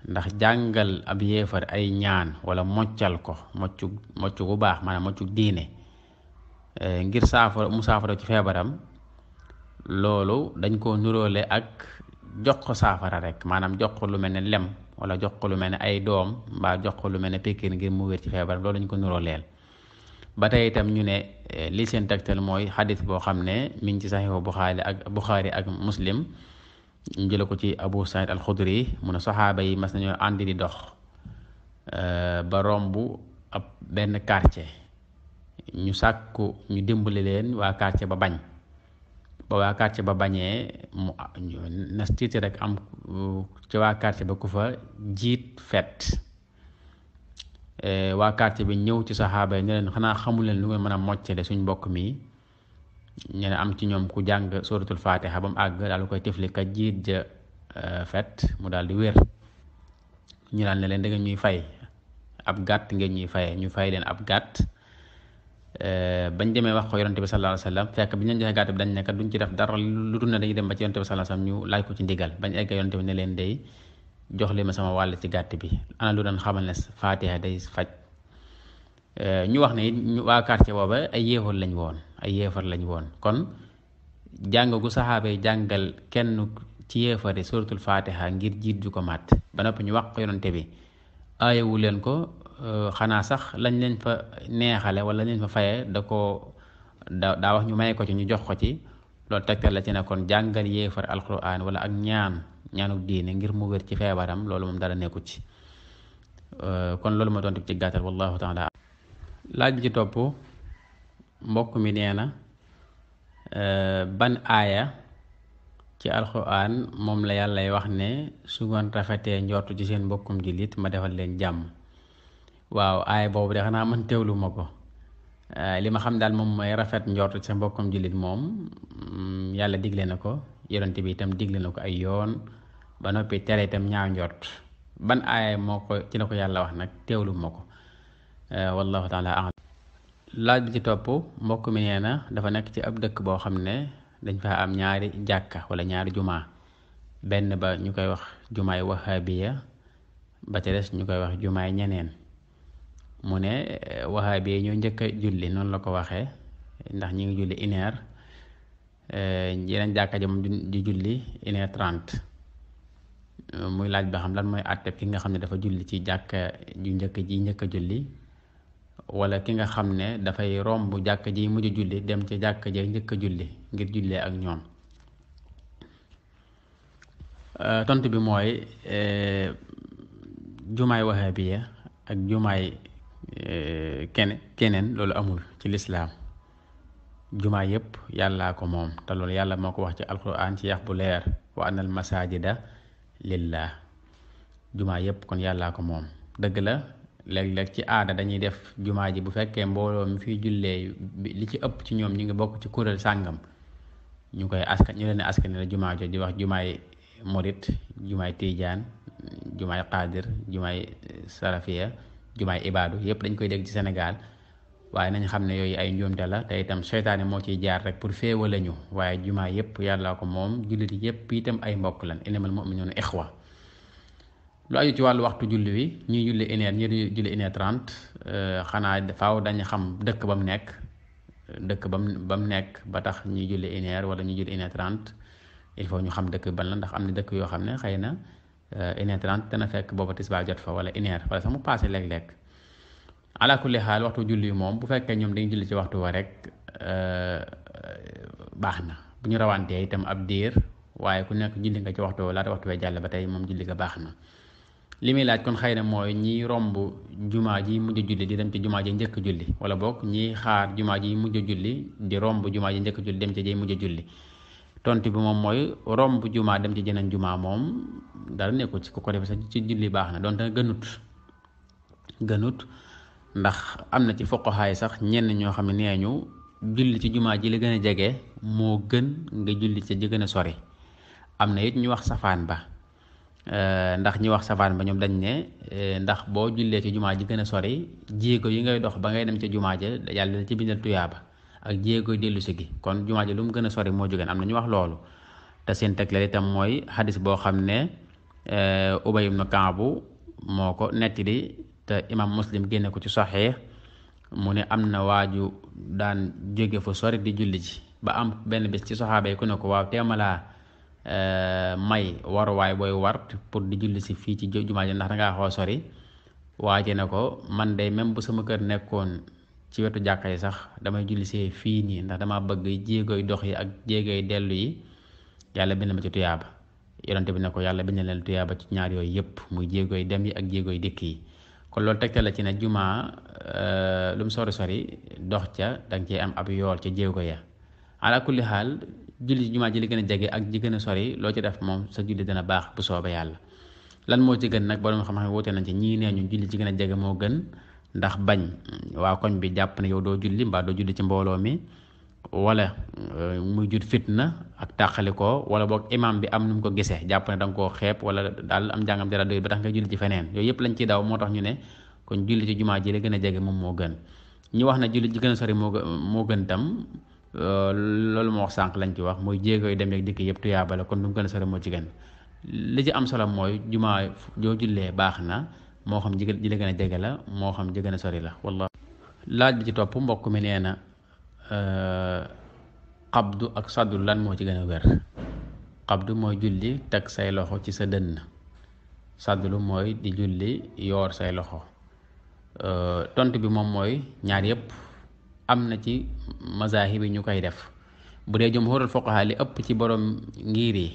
ndax jàngal ab yéefar ay ñaan wala moccal ko moccu moccu bu baax maanaam moccu diine Eh, ngir saafara mu saafara ci feebaram loolu dañ koo nuroole ak jox ko saafara rek maanaam jox ko lu mel ne lem wala jox ko lu mel ne ay doom mbaa jox ko lu mel ne pikiir ngir mu wér ci feebaram loolu dañ ko nuróoleel ba tey itam ñu ne eh, li seen tegtal mooy xadis boo xam ne mi ngi ci saxiixu Buxaari ak Buxaari ak Muslim jële ko ci Abu Saïd al-Xudri mu ne saxaaba yi mas nañoo àndi di dox eh, ba romb ab benn quartier ñu sàkku ñu dimbali leen waa quartier ba bañ ba waa quartier ba bañee mu nas rek am ci waa quartier ba ku fa jiit fet e, waa quartier bi ñëw ci saxaaba yi ne leen xanaa xamu leen lu ngeen mën a moccale suñ mbokk mi ñu am ci ñoom ku jàng suratul fatiha ba mu àgg daal koy tifli ka jiit ja e, fet mu daal di wér ñu daal ne leen da ngeen ñuy fay ab gàtt ngeen ñuy fay ñu fay leen ab gàtt Eh, bañ demee wax ko yonante bi sallallahu alayhi wasallam fekk bi ñu joxe gàtt bi dañ nekk duñ ci def dara lu dul ne dañuy dem ba ci yonante bi sallallahu alayhi wasallam ñu laaj ko ci ndigal bañ egg yonante ne leen day jox leen ma sama wàll ci gàtt bi lu doon xamal ne faatiha day faj eh, ñu wax ne it waa quartier booba ay yéefar lañ woon ay yéefar lañ woon kon jàng gu saxaaba jàngal kenn ci yéefari suratul faatiha ngir jiit ju ko màtt ba nopp ñu wax ko yonante bi aayewu leen ko Euh, xanaa sax lañ leen fa neexale wala leen fa fayee da ko da daa wax ñu may ko ci ñu jox ko ci loolu tegtal la ci ne kon jàngal yéefar alquran wala ak ñaan ñaanu diine ngir mu wér ci feebaram loolu moom dara nekku ci euh, kon loolu ma doon ci gàttal wallahu taala laaj ci topp mbokk mi nee na euh, ban aaya ci alquran moom la yàllay wax ne su rafetee njortu ci seen mbokkum jullit ma defal leen jàmm waaw aaya boobu de xanaa man teewlu ma ko li ma xam daal moom mooy rafet njort sa mbokkam jullit moom mm, yàlla digle na ko yonent bi itam digle na ko ay yoon ba noppi tere itam ñaaw njort ban aaya moo ko ci la ko yàlla wax nag teewlu ma ko wallahu taala alam laaj bi ci topp mbokk mi nee na dafa nekk ci ab dëkk boo xam ne dañ fa am ñaari jàkka wala ñaari jumaa benn ba ñu koy wax jumaay wahabiya ba ca des ñu koy wax jumaay ñeneen mu ne bi ñoo njëkk a julli noonu la ko waxee ndax ñi ngi julli une heure eh, yeneen jàkka ja di julli une heure muy laaj ba xam lan mooy àtteb ki nga xam ne dafa julli ci jàkk ju njëkk ji njëkk a julli wala ki nga xam ne dafay romb jàkka ji mujj julli dem ca jàkka njëkk a julli ngir jullee ak ñoom eh, tontu bi mooy eh, jumaay waxaabiya ak jumaay Eh, kene keneen loolu amul ci lislaam jumaa yépp yàllaa ko moom te loolu yàlla moo ko wax ci alquran ci yax bu leer wa anal da lillah jumaa yépp kon yàllaa ko moom dëgg la léeg-léeg ci aada dañuy def jumaa ji bu fekkee mbooloo mi fiy jullee li ci ëpp ci ñoom ñu ngi bokk ci kuréel sàngam ñu koy askan ñu leen askan ne la jumaa jooju di wax jumaay murit jumaay tiijaan jumaay qaadir jumaay sarafiya jumaay ibaadu yëpp dañ koy dégg ci Sénégal waaye nañ xam ne yooyu ay njuumte la te itam seytaane moo ciy jaar rek pour féewa la ñu waaye jumaa yëpp yàllaa ko moom jullit yëpp itam ay mbokk lan innamal mu'minuuna ixwa lu aju ci wàllu waxtu julli wi ñuy julli une heure ñi julli une euh, xanaa faaw dañu xam dëkk ba mu nekk dëkk ba mu ba mu nekk ba tax ñuy julli une walla ñuy julli une heure il faut ñu xam dëkk ban la ndax am na dëkk yoo xam ne xëy na une eh, heure trente dana fekk booba tisbaar jot fa wala une heure wala sax mu paase léeg-léeg ala xaal waxtu julli moom bu fekkee ñoom dañu julli ci waxtu wa rek eh, baax na bu ñu rawantee itam ab diir waaye ku nekk julli nga ci waxtu laata waxtu wee jàll ba tey moom julli nga baax na li muy laaj kon xëy na mooy ñi romb jumaa ji mujj julli di dem ci jumaa ji njëkk julli wala bokk ñi xaar jumaa ji mujj julli di romb jumaa ji njëkk julli dem ci jay mujj julli tontu bi moom mooy romb jumaa dem ci jeneen jumaa moom dara nekku ci ko ko defee sax ci julli baax na doon donte gënut gënut ndax am na ci foqoxaay sax ñenn ñoo xam ne nee ñu julli ci jumaa ji la gën a jege moo gën nga julli ci ji gën a sori am na it ñu wax safaan ba eh, ndax ñi wax safaan ba ñoom dañ ne eh, ndax boo jullee ci jumaa ji gën a sori jéego yi ngay dox ba ngay dem ca jumaa ja yàlla la ci bindal tuyaaba ak jéegoy dellu si gi kon jumaa ji lu mu gën a sori moo jógeen am na ñu wax loolu te seen tegleel itam mooy xadis boo xam ne eh, Ubay na Kaabu moo ko nettali te imam muslim génne ko ci saxiix mu ne am na waaju daan jóge fu sori di julli ji ba am benn bis ci saxaaba yi ku ne ko waaw teemalaa eh, may waruwaay booy war di julli si fii ci jumaa ji a sori waaje nekkoon ci wetu jàkk yi sax damay julli see fii nii ndax dama bëgg jéegoy dox yi ak jéego yi dellu yi yàlla bind ma ci tuyaaba yonente bi ne ko yàlla bind leen tuyaaba ci ñaar yooyu yëpp muy jéegoy dem yi ak jéegoy dikk yi kon loolu tegtal ci ne jumaa euh, lu mu sori sori dox ca danga cee am ab yool ca jéego ya ala kulli xaal julli jumaa ji li gën a jege ak ji gën a sori loo ci def moom sa julli dana baax bu soobee yàlla lan moo ci gën nag borom xam-xam woote nañ ci ñii nee ñu julli ci gën a jege moo gën ndax bañ waa koñ bi jàpp na yow doo julli mbaa doo julli ci mbooloo mi wala euh, muy jur fitna ak tàqali koo wala boog imam bi am nu ko gisee jàpp ne da nga koo xeeb wala daal am njàngam dara doy ba tax nga julli ci feneen yooyu yëpp lañ ciy daw moo tax ñu ne kon julli ci jumaa ji la gën a jege moom moo gën ñu wax na julli ji gën a sori moo moo gën tam euh, loolu moo wax sànq lañ ci wax mooy jéego yi dem ak dikk yëpp tuyaabale kon lu gën a sori moo ci li ci am solo mooy jumaa joo jullee baax na moo xam ji ji la gën a jege la moo xam ji gën a sori la walla laaj bi ci topp mbokk mi nee na xabdu euh, ak saddu lan moo ci gën a wér xabdu mooy julli teg say loxo ci sa dënn sàddulu mooy di julli yoor say loxo euh, tont bi moom mooy ñaar yëpp am na ci mazahib bi ñu koy def bu dee jumhurul fuqaha li ëpp ci borom ngiir yi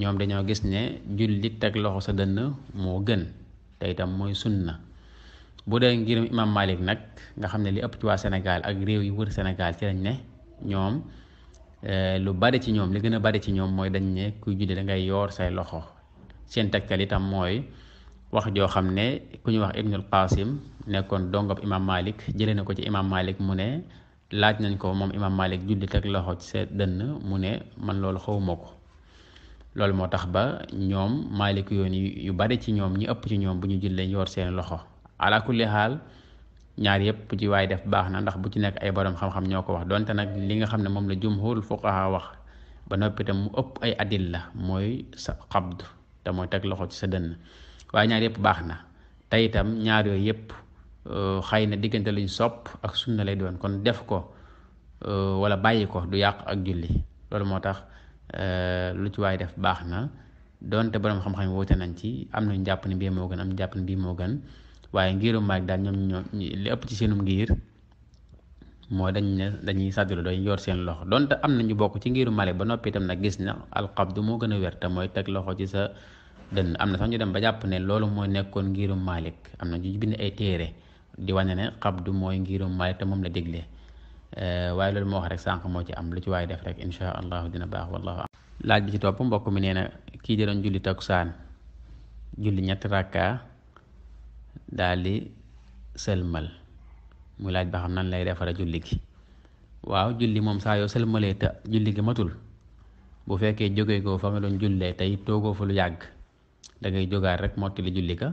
ñoom dañoo gis ne julli teg loxo sa dënn moo gën te itam mooy na bu dee ngirum imam Malik nag nga xam ne li ëpp ci waa senegal ak réew yi wër Sénégal ci lañ ne ñoom eh, lu bari ci ñoom li gën a bari ci ñoom mooy dañ ne kuy julli dangay yoor say loxo seen tegtal itam mooy wax joo xam ne ku ñu wax Ibnul Qasim nekkoon dongab imam Malik jëlee na ko ci imam Malik mu ne laaj nañ ko moom imam Malik julli teg loxo ci sa dënn mu ne man loolu xawuma ko loolu moo tax ba ñoom maalik yoon yu bari ci ñoom ñi ëpp ci ñoom bu ñu jullee yor seen loxo ala kulli xaal ñaar yëpp bu ci waaye def baax na ndax bu ci nekk ay borom xam-xam ñoo ko wax donte nag li nga xam ne moom la jumhurul fuqaha wax ba noppi tam mu ëpp ay adil la mooy sa xabd te mooy teg loxo ci sa dënn waaye ñaar yëpp baax na te itam ñaar yooyu yëpp euh, xëy na diggante luñ sopp ak sunna lay doon kon def ko euh, wala bàyyi ko du yàq ak julli loolu moo Euh, lu ci waay def baax na donte borom xam-xam yi woote nañ ci am nañ jàpp ne bii moo gën am jàpp ne bii moo gën waaye ngirum Maalik daal ñoom ñoo li ëpp ci seenum ngir moo dañ ne dañuy sàddilu dañ yor seen loxo donte am na ñu bokk ci ngiru Maalik ba noppi itam na gis na alqabdu moo gën a wér te mooy teg loxo ci sa dënn am na sax ñu dem ba jàpp ne loolu mooy nekkoon ngiirum Maalik am na ñu bind ay téere di wane ne qabdu mooy ngirum Maalik te moom la déglee. Eh, waaye loolu moo wax rek sànq moo ci am lu ci waaye def rek insha allahu dina baax wallahu am laaj bi ci topp mbokk mi nee na kii di doon julli takusaan julli ñetti rakka daal di sëlmal muy laaj ba nan lay defara julli gi waaw julli moom saa yoo sëlmalee matul bu fekkee jógee ko fa nga doon jullee tey toogoo fa lu yàgg dangay ngay jógaat rek mottali julli ka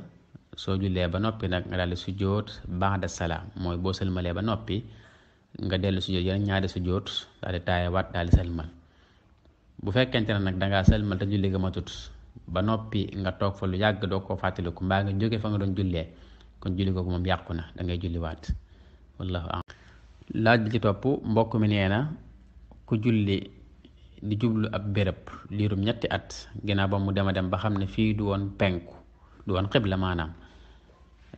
soo jullee ba noppi nag nga daal di sujjóot ba'da salaam mooy boo sëlmalee ba noppi nga dellu sujjóot yeneen ñaari sujjóot daal di taayawaat daal di salmal bu fekkente ne nag danga salmal te julli ga matut ba noppi nga toog fa lu yàgg doo koo fàttaliku mbaa nga jóge fa nga doon jullee kon julli ko moom yàqu na da ngay julliwaat wallahu am laaj bi ci topp mbokk mi nee na ku julli di jublu ab béréb liirum ñetti at ginnaaw ba mu dema dem ba xam ne fii du woon penku du woon xibla maanaam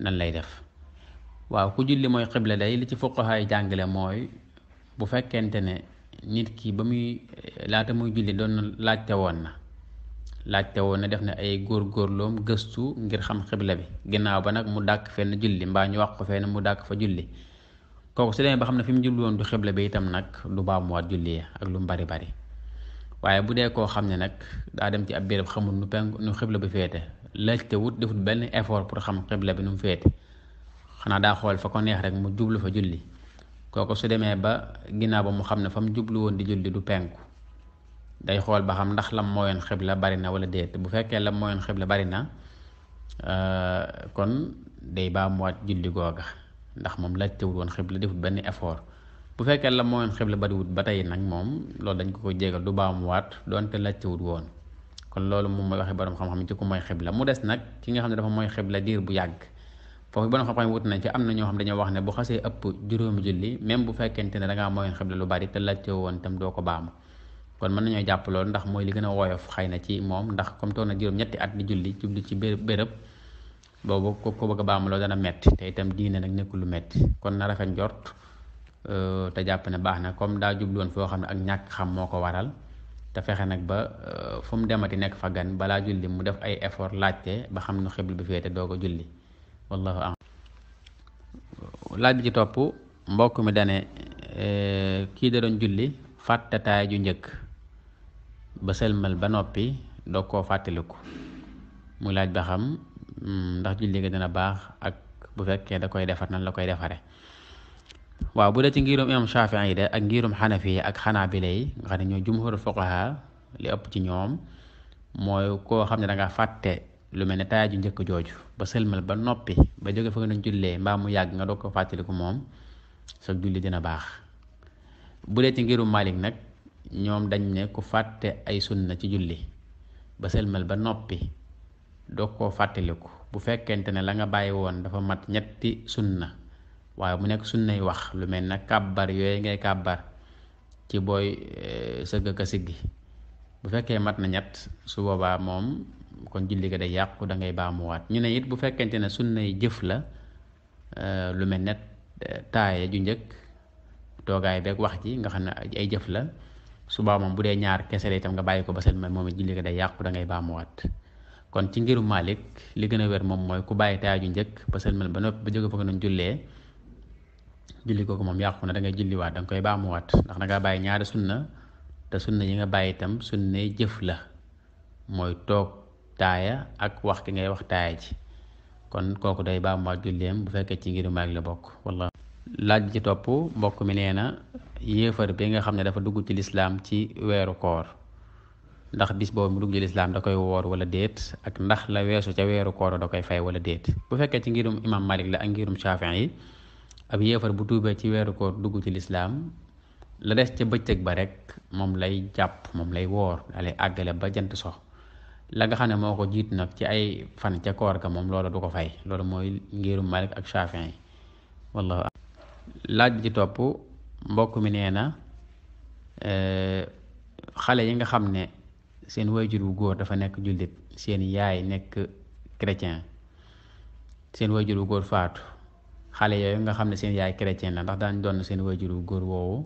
nan lay def waaw ku julli mooy xibla day li ci fuqahaay jàngale mooy bu fekkente ne nit ki ba muy laata muy julli doon laajte woon na laajte woon na def na ay góor góorgóorloom gëstu ngir xam xibla bi ginnaaw ba nag mu dàkk fenn julli mbaa ñu wax ko fenn mu dàkk fa julli kooku su demee ba xam ne fi mu julli woon du xibla bi itam nag du baamuwaat julli ak lu mu bari bari waaye bu dee koo xam ne nag daa dem ci ab béréb xamul nu penk nu xibla bi féete laajte wut defut benn effort pour xam xibla bi féete xanaa daa xool fa ko neex rek mu jublu fa julli kooku su demee ba ginnaaw ba mu xam ne fa mu jublu woon di julli du penku day xool ba xam ndax lam mooyoon xibla bari na wala déet bu fekkee lam mooyoon xibla bari na euh, kon day baamuwaat julli googa ndax moom laajtewut woon xibla defut benn effort bu fekkee lam mooyoon xibla bariwut ba tey nag moom loolu dañ ko ko jégal du baamuwaat doonte laajtewut woon kon loolu moom mooy waxi borom xam-xam ci ku mooy xibla mu des nag ki nga xam ne dafa mooy xibla diir bu yàgg foofu borom xam-xam wut nañ ci am na ñoo xam dañoo wax ne bu xasee ëpp juróomi julli même bu fekkent ne da ngaa mooyoon xibla lu bari te laajte woon tam doo ko baamu kon mën nañoo jàpp loolu ndax mooy li gën a woyof xay na ci moom ndax comme toog na juróom-ñetti at di julli jubli ci bérëb boobu ko ko bëgg a baamu loolu dana metti te itam diine nag nekkul lu metti kon na rafet njort euh, te jàpp ne baax na comme daa jublu woon foo xam ne ak ñàkk xam moo ko waral te fexe nag ba euh, fu mu demati nekk fa gan balaa julli mu def ay effort laajte ba xam nu xibla bi féete doo ko julli wallahu am laaj bi ci topp mbokk mi dane e, kii da doon julli fàtte ju njëkk ba sëlmal ba noppi doo koo fàttaliku mu laaj ba xam hmm, ndax julli ga dina baax ak bu fekkee da koy defar nan la koy defaree waa bu dee ci ngirum imam Shaafi'i de ak ngirum xanafi ak xanaa yi nga xam ne ñoo jumhur fuqaha li ëpp ci ñoom mooy koo xam ne danga fàtte lu mel ne taaya ju njëkk jooju ba sëlmal ba noppi ba jóge fa nga doon jullee mbaa mu yàgg nga doog ko fàttaliku moom sa julli dina baax bu dee ci ngiru Malik nag ñoom dañ ne ku fàtte ay sunna ci julli ba sëlmal ba noppi doog ko fàttaliku bu fekkente ne la nga bàyyi woon dafa mat ñetti sunna waaye bu nekk sunnay wax lu mel ne kàbbar yooyu ngay kàbbar ci booy eh, sëgg ka siggi bu fekkee mat na ñett su boobaa moom kon julli ga day yàqu da ngay baamuwaat ñu ne it bu fekkente ne sunnay jëf la euh, lu mel ne euh, taaya ju njëkk toogaay beeg wax ji nga xam ne ay jëf la subaa moom bu dee ñaar kese la itam nga bàyyi ko ba seen moom it julli ga day yàqu da ngay baamuwaat kon ci ngiru Malik li gën a wér moom mooy ku bàyyi taaya ju njëkk ba seen ba noppi ba jóge fa nga doon jullee julli kooku moom yàqu na da ngay julliwaat da nga koy baamuwaat ndax da ngaa bàyyi ñaari sunna te sunna yi nga bàyyi itam sunnay jëf la mooy toog. taaya ak wax ki ngay wax taaya ji kon kooku day baamuwaat julleem bu fekkee ci ngiru maag la bokk walla laaj ci topp mbokk mi nee na yéefar bi nga xam ne dafa dugg ci lislaam ci weeru koor ndax bis dugg ci da koy woor wala déet ak ndax la weesu ca weeru koor da koy fay wala déet bu fekkee ci ngirum imam malik la ak ngirum chafin yi ab yéefar bu tuubee ci weeru koor dugg ci lislaam la des ca bëccëg ba rek moom lay jàpp moom lay woor dalay àggale ba jant sox la nga xam ne moo ko jiit nag ci ay fan ca koor ga moom loolu du ko fay loolu mooy ngirum Malik ak Chafin yi wallahu laaj bi topp mbokk mi nee na eh, xale yi nga xam ne seen way jur wu góor dafa nekk jullit seen yaay nekk chrétien seen wayjur wu góor faatu xale yooyu nga xam ne seen yaay chrétien ndax daañ doon seen wayjur wu góor woowu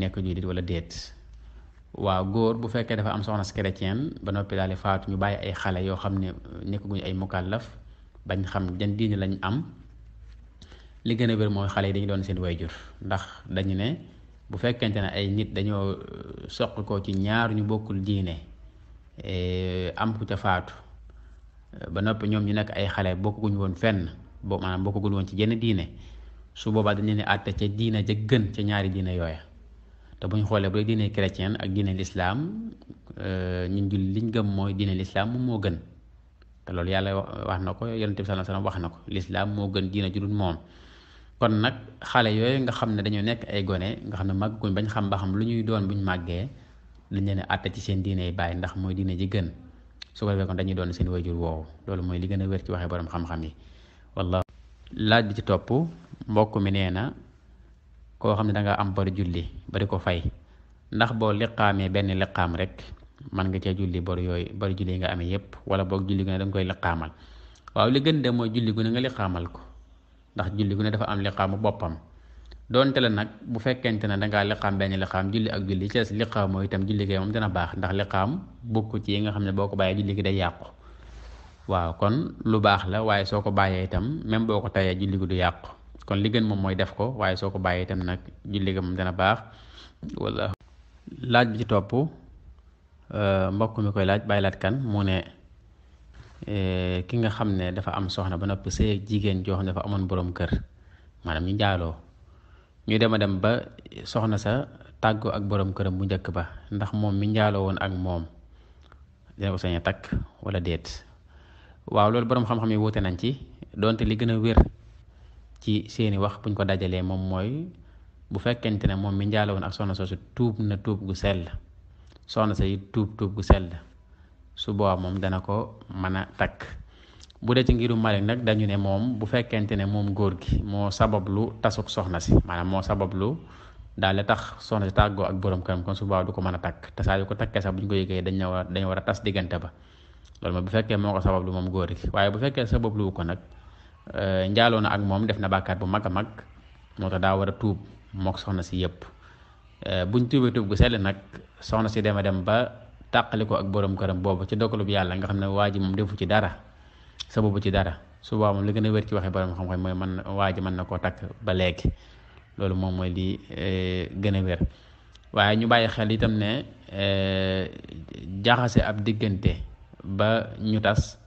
nekk jullit walla déet waaw góor bu fekkee dafa am soxna si ba noppi daal di faatu ñu bàyyi ay xale yoo xam ne nekkaguñu ay mukallaf bañ xam jan diine lañ am li gën a wér mooy xale yi dañu doon seen wayjur ndax dañu ne bu fekkente ne ay nit dañoo euh, soq ko ci ñaar ñu bokkul diine eh, am ku ca faatu ba noppi ñoom ñu nekk ay xale bokkuñu woon fenn boo maanaam bokkagul woon ci jenn diine su boobaa dañu ne àtte ca diina ja gën ca ñaari diine yooya te bu xoolee bu dee diine chrétien ak diine lislaam euh, ñun julli liñ gëm mooy diine lislaam moom moo gën te loolu yàlla wax na ko yonent bi sallallahu wax na ko lislaam moo gën diine ju moom kon nag xale yooyu nga xam ne dañoo nekk ay gone nga xam ne màgg guñ bañ xam ba xam lu ñuy doon bu ñu màggee dañ leen àtte ci seen diine yi bàyyi ndax mooy diine ci gën su ko defee kon dañuy doon seen wayjur woowu loolu mooy li gën a wér ci waxee borom xam-xam yi walla laaj ci topp mbokk mi nee na koo xam ne da nga am bari julli bari ko fay ndax boo liqaamee benn liqaam rek mën nga cee julli bari yooyu bari julli yi nga amee yépp wala boo julli gu ne da koy liqaamal waaw li gën de mooy julli gu ne nga liqaamal ko ndax julli gu ne dafa am liqaamu boppam doonte la nag bu fekkente ne dangaa liqaam benn liqaam julli ak julli ci des liqaamoo itam julli gi moom dina baax ndax liqaam bokk ci yi nga xam ne boo ko bàyyee julli gi day yàqu waaw kon lu baax la waaye soo ko bàyyee itam même boo ko tayee julli gi du yàqu kon li gën moom mooy def ko waaye soo ko bàyyee itam nag julli ga moom dana baax wala laaj bi ci topp euh, mbokk mi koy laaj bàyyi laat kan mu ne euh, ki nga xam ne dafa am soxna ba noppi sëy jigéen joo xam dafa amoon boroom kër maanaam mi jaaloo ñu dem a dem ba soxna sa tàggoo ak boroom këram bu njëkk ba ndax moom mi njaaloo woon ak moom dina ko sañ a takk walla déet waaw loolu boroom xam-xam yi wuute nañ ci donte li gën a wér ci seeni wax bu ñu ko dajalee moom mooy bu fekkente ne moom mi njaalo woon ak soxna soosu tuub na tuub gu sell soxna sa yi tuub tuub gu sell su boobaa moom dana ko mën a takk bu dee ci ngirum nag dañu ne moom bu fekkente ne moom góor gi moo sabablu tasuk soxna si maanaam moo sabablu daal tax soxna si tàggoo ak borom këram kon su boobaa ko mën a takk te saa yu ko takkee sax bu ñu ko yëgee dañ war dañu war a tas diggante ba loolu bu fekkee moo ko sabablu moom góor gi waaye bu fekkee sabablu ko nag Euh, njaaloo na ak moom def na bàkkaat bu mag a mag moo tax daa war a tuub mook soxna si yëpp euh, buñ tuubee tuub gu sell nag soxna si dema dem ba tàqali ko ak boroom këram boobu ci dogalub yàlla nga xam ne waa ji moom defu ci dara sa sababu ci dara suba moom li gën a wér ci waxee borom xam-xam mooy mën waa ji mën na koo takk ba léegi loolu moom mooy li euh, gën a wér waaye ñu bàyyi xel itam ne jaxase ab diggante ba ñu tas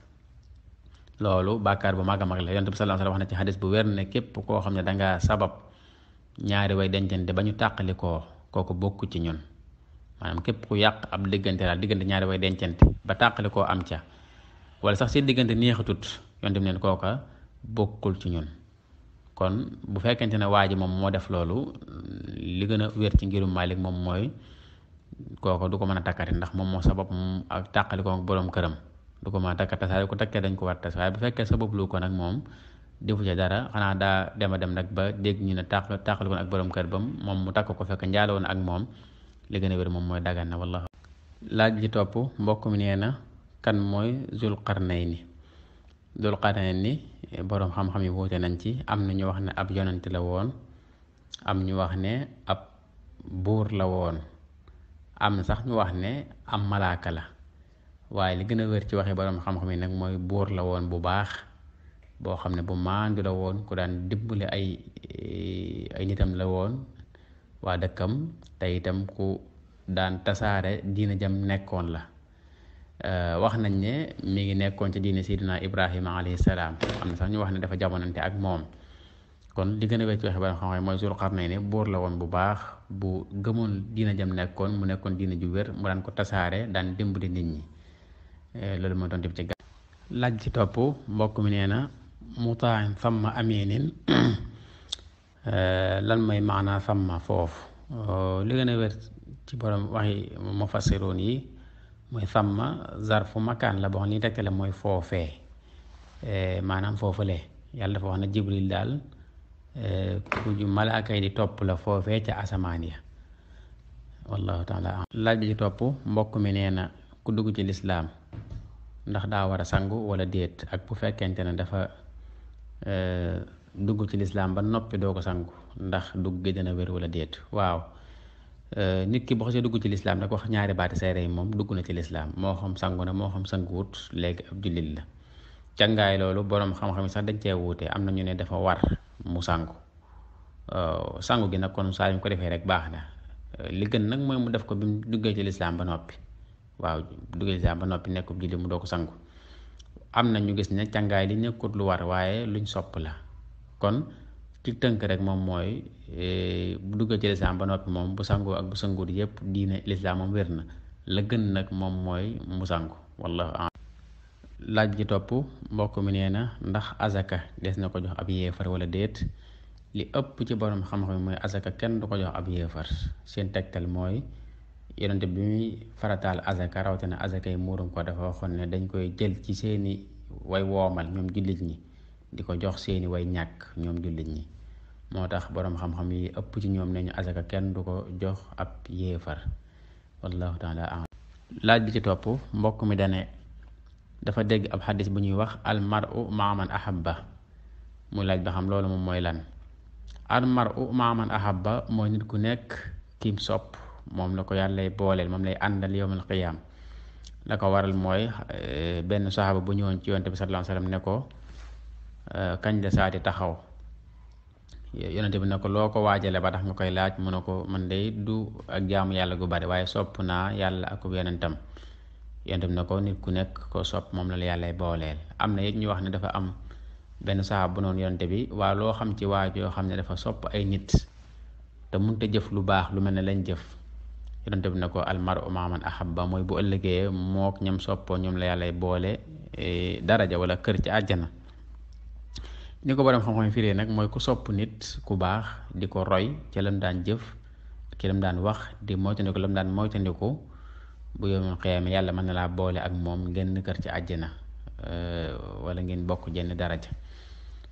loolu bàkkaar bu mag mag la yonent bi sallallahu alayhi wa sallam wax na ci xadis bu wér ne képp koo xam ne dangaa sabab ñaari way dencante ba ñu tàqali koo kooku bokk ci ñun maanaam képp ku yàq ab diggante daal diggante ñaari way dencante ba tàqali koo am ca wala sax seen diggante neexatut yonent bi neen kooka bokkul ci ñun kon bu fekkente ne waa ji moom moo def loolu li gën a wér ci ngirum Maalik moom mooy kooka du ko mën a takkati ndax moom moo sabab ak tàqali koo ak boroom këram du ko mën a takk tasaare ku takkee dañ ko war tas waaye bu fekkee sabablu ko nag moom defu ca dara xanaa daa dema dem nag ba dégg ñu ne taax taaxal ko ak boroom kër bam moom mu takk ko fekk njaaloon ak moom li gën a wér moom mooy dagan na walla laaj ji topp mbokk mu nee na kan mooy xarnay ni qarnayni zul ni boroom xam-xam yi wuute nañ ci am na ñu wax ne ab yonante la woon am ñu wax ne ab buur la woon am na sax ñu wax ne am malaaka la waaye li gën a wér ci waxi borom xam-xam yi nag mooy buur la woon bu baax boo xam ne bu maandu la woon ku daan dimbale ay ay nitam la woon waa dëkkam te itam ku daan tasaare diina jam nekkoon la euh, wax nañ ne mi ngi nekkoon ci diine Seydina Ibrahima alayhi salaam am sax ñu wax ne dafa jamonante ak moom kon li gën a wér ci waxi borom xam-xam yi mooy Zulqarnayni buur la woon bu baax bu gëmoon diina jam nekkoon mu nekkoon diina ju wér mu daan ko tasaare daan dimbale nit ñi Eh, loolu moo doon ci gàtt laaj ci topp mbokk mi nee na mutaan samma aminin eh, lan mooy maanaa samma foofu oh, li gën a wér ci borom waxi mufassiroon yi mooy sam samma fu makaan la boo xam ne mooy foofee eh, maanaam foofule yàlla dafa wax na jibril daal ku ju malaaka yi di topp la foofee ca asamaan ya wallahu taala laaj bi ci topp mbokk mi nee na ku dugg ci lislaam ndax daa war a sangu wala déet ak bu fekkente ne dafa eh, dugg ci lislaam ba noppi doo ko sangu ndax dugg gi dina wér wala déet waaw eh, nit ki boo xasee dugg ci lislaam nag wax ñaari baati seere yi moom dugg na ci lislaam moo xam sangu na moo xam sanguwut léegi ab la jàngaay loolu boroom xam yi sax dañ cee wuute am na ñu ne dafa war mu sangu oh, sangu gi nag kon saa ko defee rek baax na eh, li gën nag mooy mu def ko bi mu duggee ci lislaam ba noppi waaw dugal islaam ba noppi nekkub julli mu doo ko sangu am na ñu gis ne càngaay li nekkut lu war waaye luñ sopp la kon ci tënk rek moom mooy e, bu dugal ci lislaam ba noppi moom bu sangoo ak bu sanguut yépp diine lislaam moom wér na la gën nag moom mooy mu sangu wallahu laaj ji topp mbokk mi nee na ndax azaka des na ko jox ab yéefar wala déet li ëpp ci borom xam-xam mooy azaka kenn du ko jox ab yéefar seen tegtal mooy yonente bi muy farataal azaka rawatina azaka yi muurum ko dafa waxoon ne dañ koy jël ci seeni way woomal ñoom jullit ñi di ko jox seeni way ñàkk ñoom jullit ñi moo tax boroom xam-xam yi ëpp ci ñoom ñu azaka kenn du ko jox ab yéefar wallahu taala alam laaj bi ci topp mbokk mi dane dafa dégg ab xaddis bu ñuy wax almaru maaman ahabba mu laaj ba xam loolu moom mooy lan almaru maaman ahabba mooy nit ku nekk kim sopp moom la ko yàlla lay booleel moom lay àndal yowmal qiyaam la ko waral mooy eh, benn saxaaba bu ñëwoon ci yonte bi sallallahu alayhi wasallam ne ko eh, kañ la saati taxaw yonente bi ne ko loo ko waajale ba tax nga koy laaj mu ne ko man de du ak jaamu yàlla gu bari waaye sopp naa yàlla akub yonentam yonente bi ne ko nit ku nekk ko sopp moom la la yàlla booleel am na it ñu wax ne dafa am benn saxaaba bu noonu yonente bi waa loo xam ci waaj yoo xam ne dafa sopp ay nit te mënut a jëf lu baax lu mel ne lañ jëf yonent bi ne ko almaru maa man ahabba mooy bu ëllëgee mook ñam soppoo ñoom la yàllay boole e, daraja wala kër ci àjjana ni ko borom xam-xam firee nag mooy ku sopp nit ku baax di ko roy ci lam daan jëf ci lam daan wax di moytandiku lam daan moytandiku bu yowmal qiyaama yàlla mën na laa boole ak moom ngeen kër ci àjjana e, wala ngeen bokk jenn daraja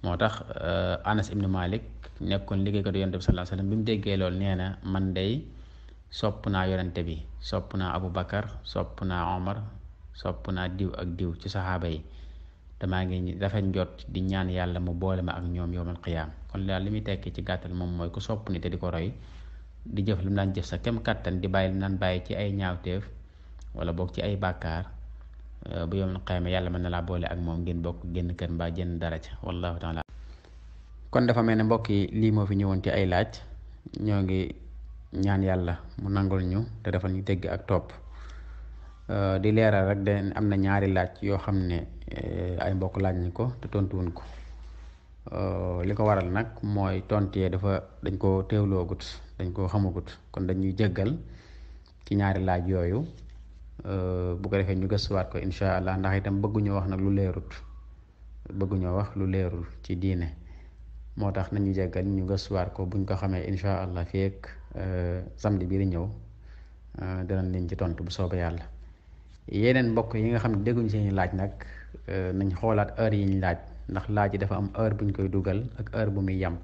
moo tax e, Anas ibnu Malik nekkoon liggéey ko di yonent bi sallallahu alayhi wasallam lool nee na man dey sopp naa yorante bi sopp naa abu bakar sopp naa omar sopp naa diw ak diw ci saxaaba yi damaa ngi dafa njot di ñaan yàlla mu boole ma ak ñoom yowmal qiyaam kon daal li muy tekki ci gàttal moom mooy ku sopp ni te di ko roy di jëf lu mu daan jëf sa kem kàttan di bàyyi lu mu daan bàyyi ci ay ñaawteef wala boog ci ay bàkkaar eh, bu yowmal qiyaam yàlla mën na laa boole ak moom ngeen bokk génn kër mbaa génn daraja wallahu taala kon dafa mel ne mbokk lii moo ñaan yàlla mu nangul ñu te defal ñu dégg ak topp euh, di leeral rek den am na ñaari laaj yoo xam ne euh, ay mbokk laaj nañ ko te tontuwuñ ko euh, li ko waral nag mooy tontee dafa dañ ko teewloogut dañ ko xamagut kon dañuy jéggal ci ñaari laaj yooyu bu ko defee ñu gëstuwaat ko incha allah ndax tam bëgguñoo wax nag lu leerut bëgguñoo wax lu leerul ci diine moo tax nañu jéggal ñu gëstuwaat ko buñ ko xamee incha allah feek Euh, samedi bii di ñëw euh, danañ leen ci tontu bu soobee yàlla yeneen mbokk yi nga xam ne dégguñ seeni laaj nag euh, nañ xoolaat heure yi ñu laaj ndax laaj yi dafa am heure bu ñu koy dugal ak heure bu muy yam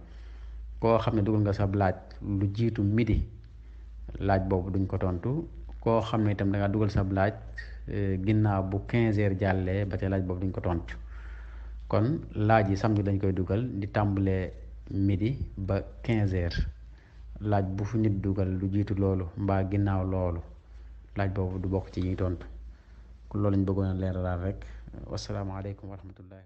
koo xam ne dugal nga sab laaj lu jiitu midi laaj boobu duñ ko tontu koo xam ne itam da dugal sab laaj ginnaaw bu quinze heures jàllee ba ca laaj boobu duñ ko tontu kon laaj yi samedi lañ koy dugal di tàmbalee midi ba 15 heures. laaj bu fu nit dugal lu jiitu loolu mbaa ginnaaw loolu laaj boobu du bokk ci yi tontu kon loolu lañ bëggoon a leeralaal rek wasalaamaaleykum wa rahmatullahi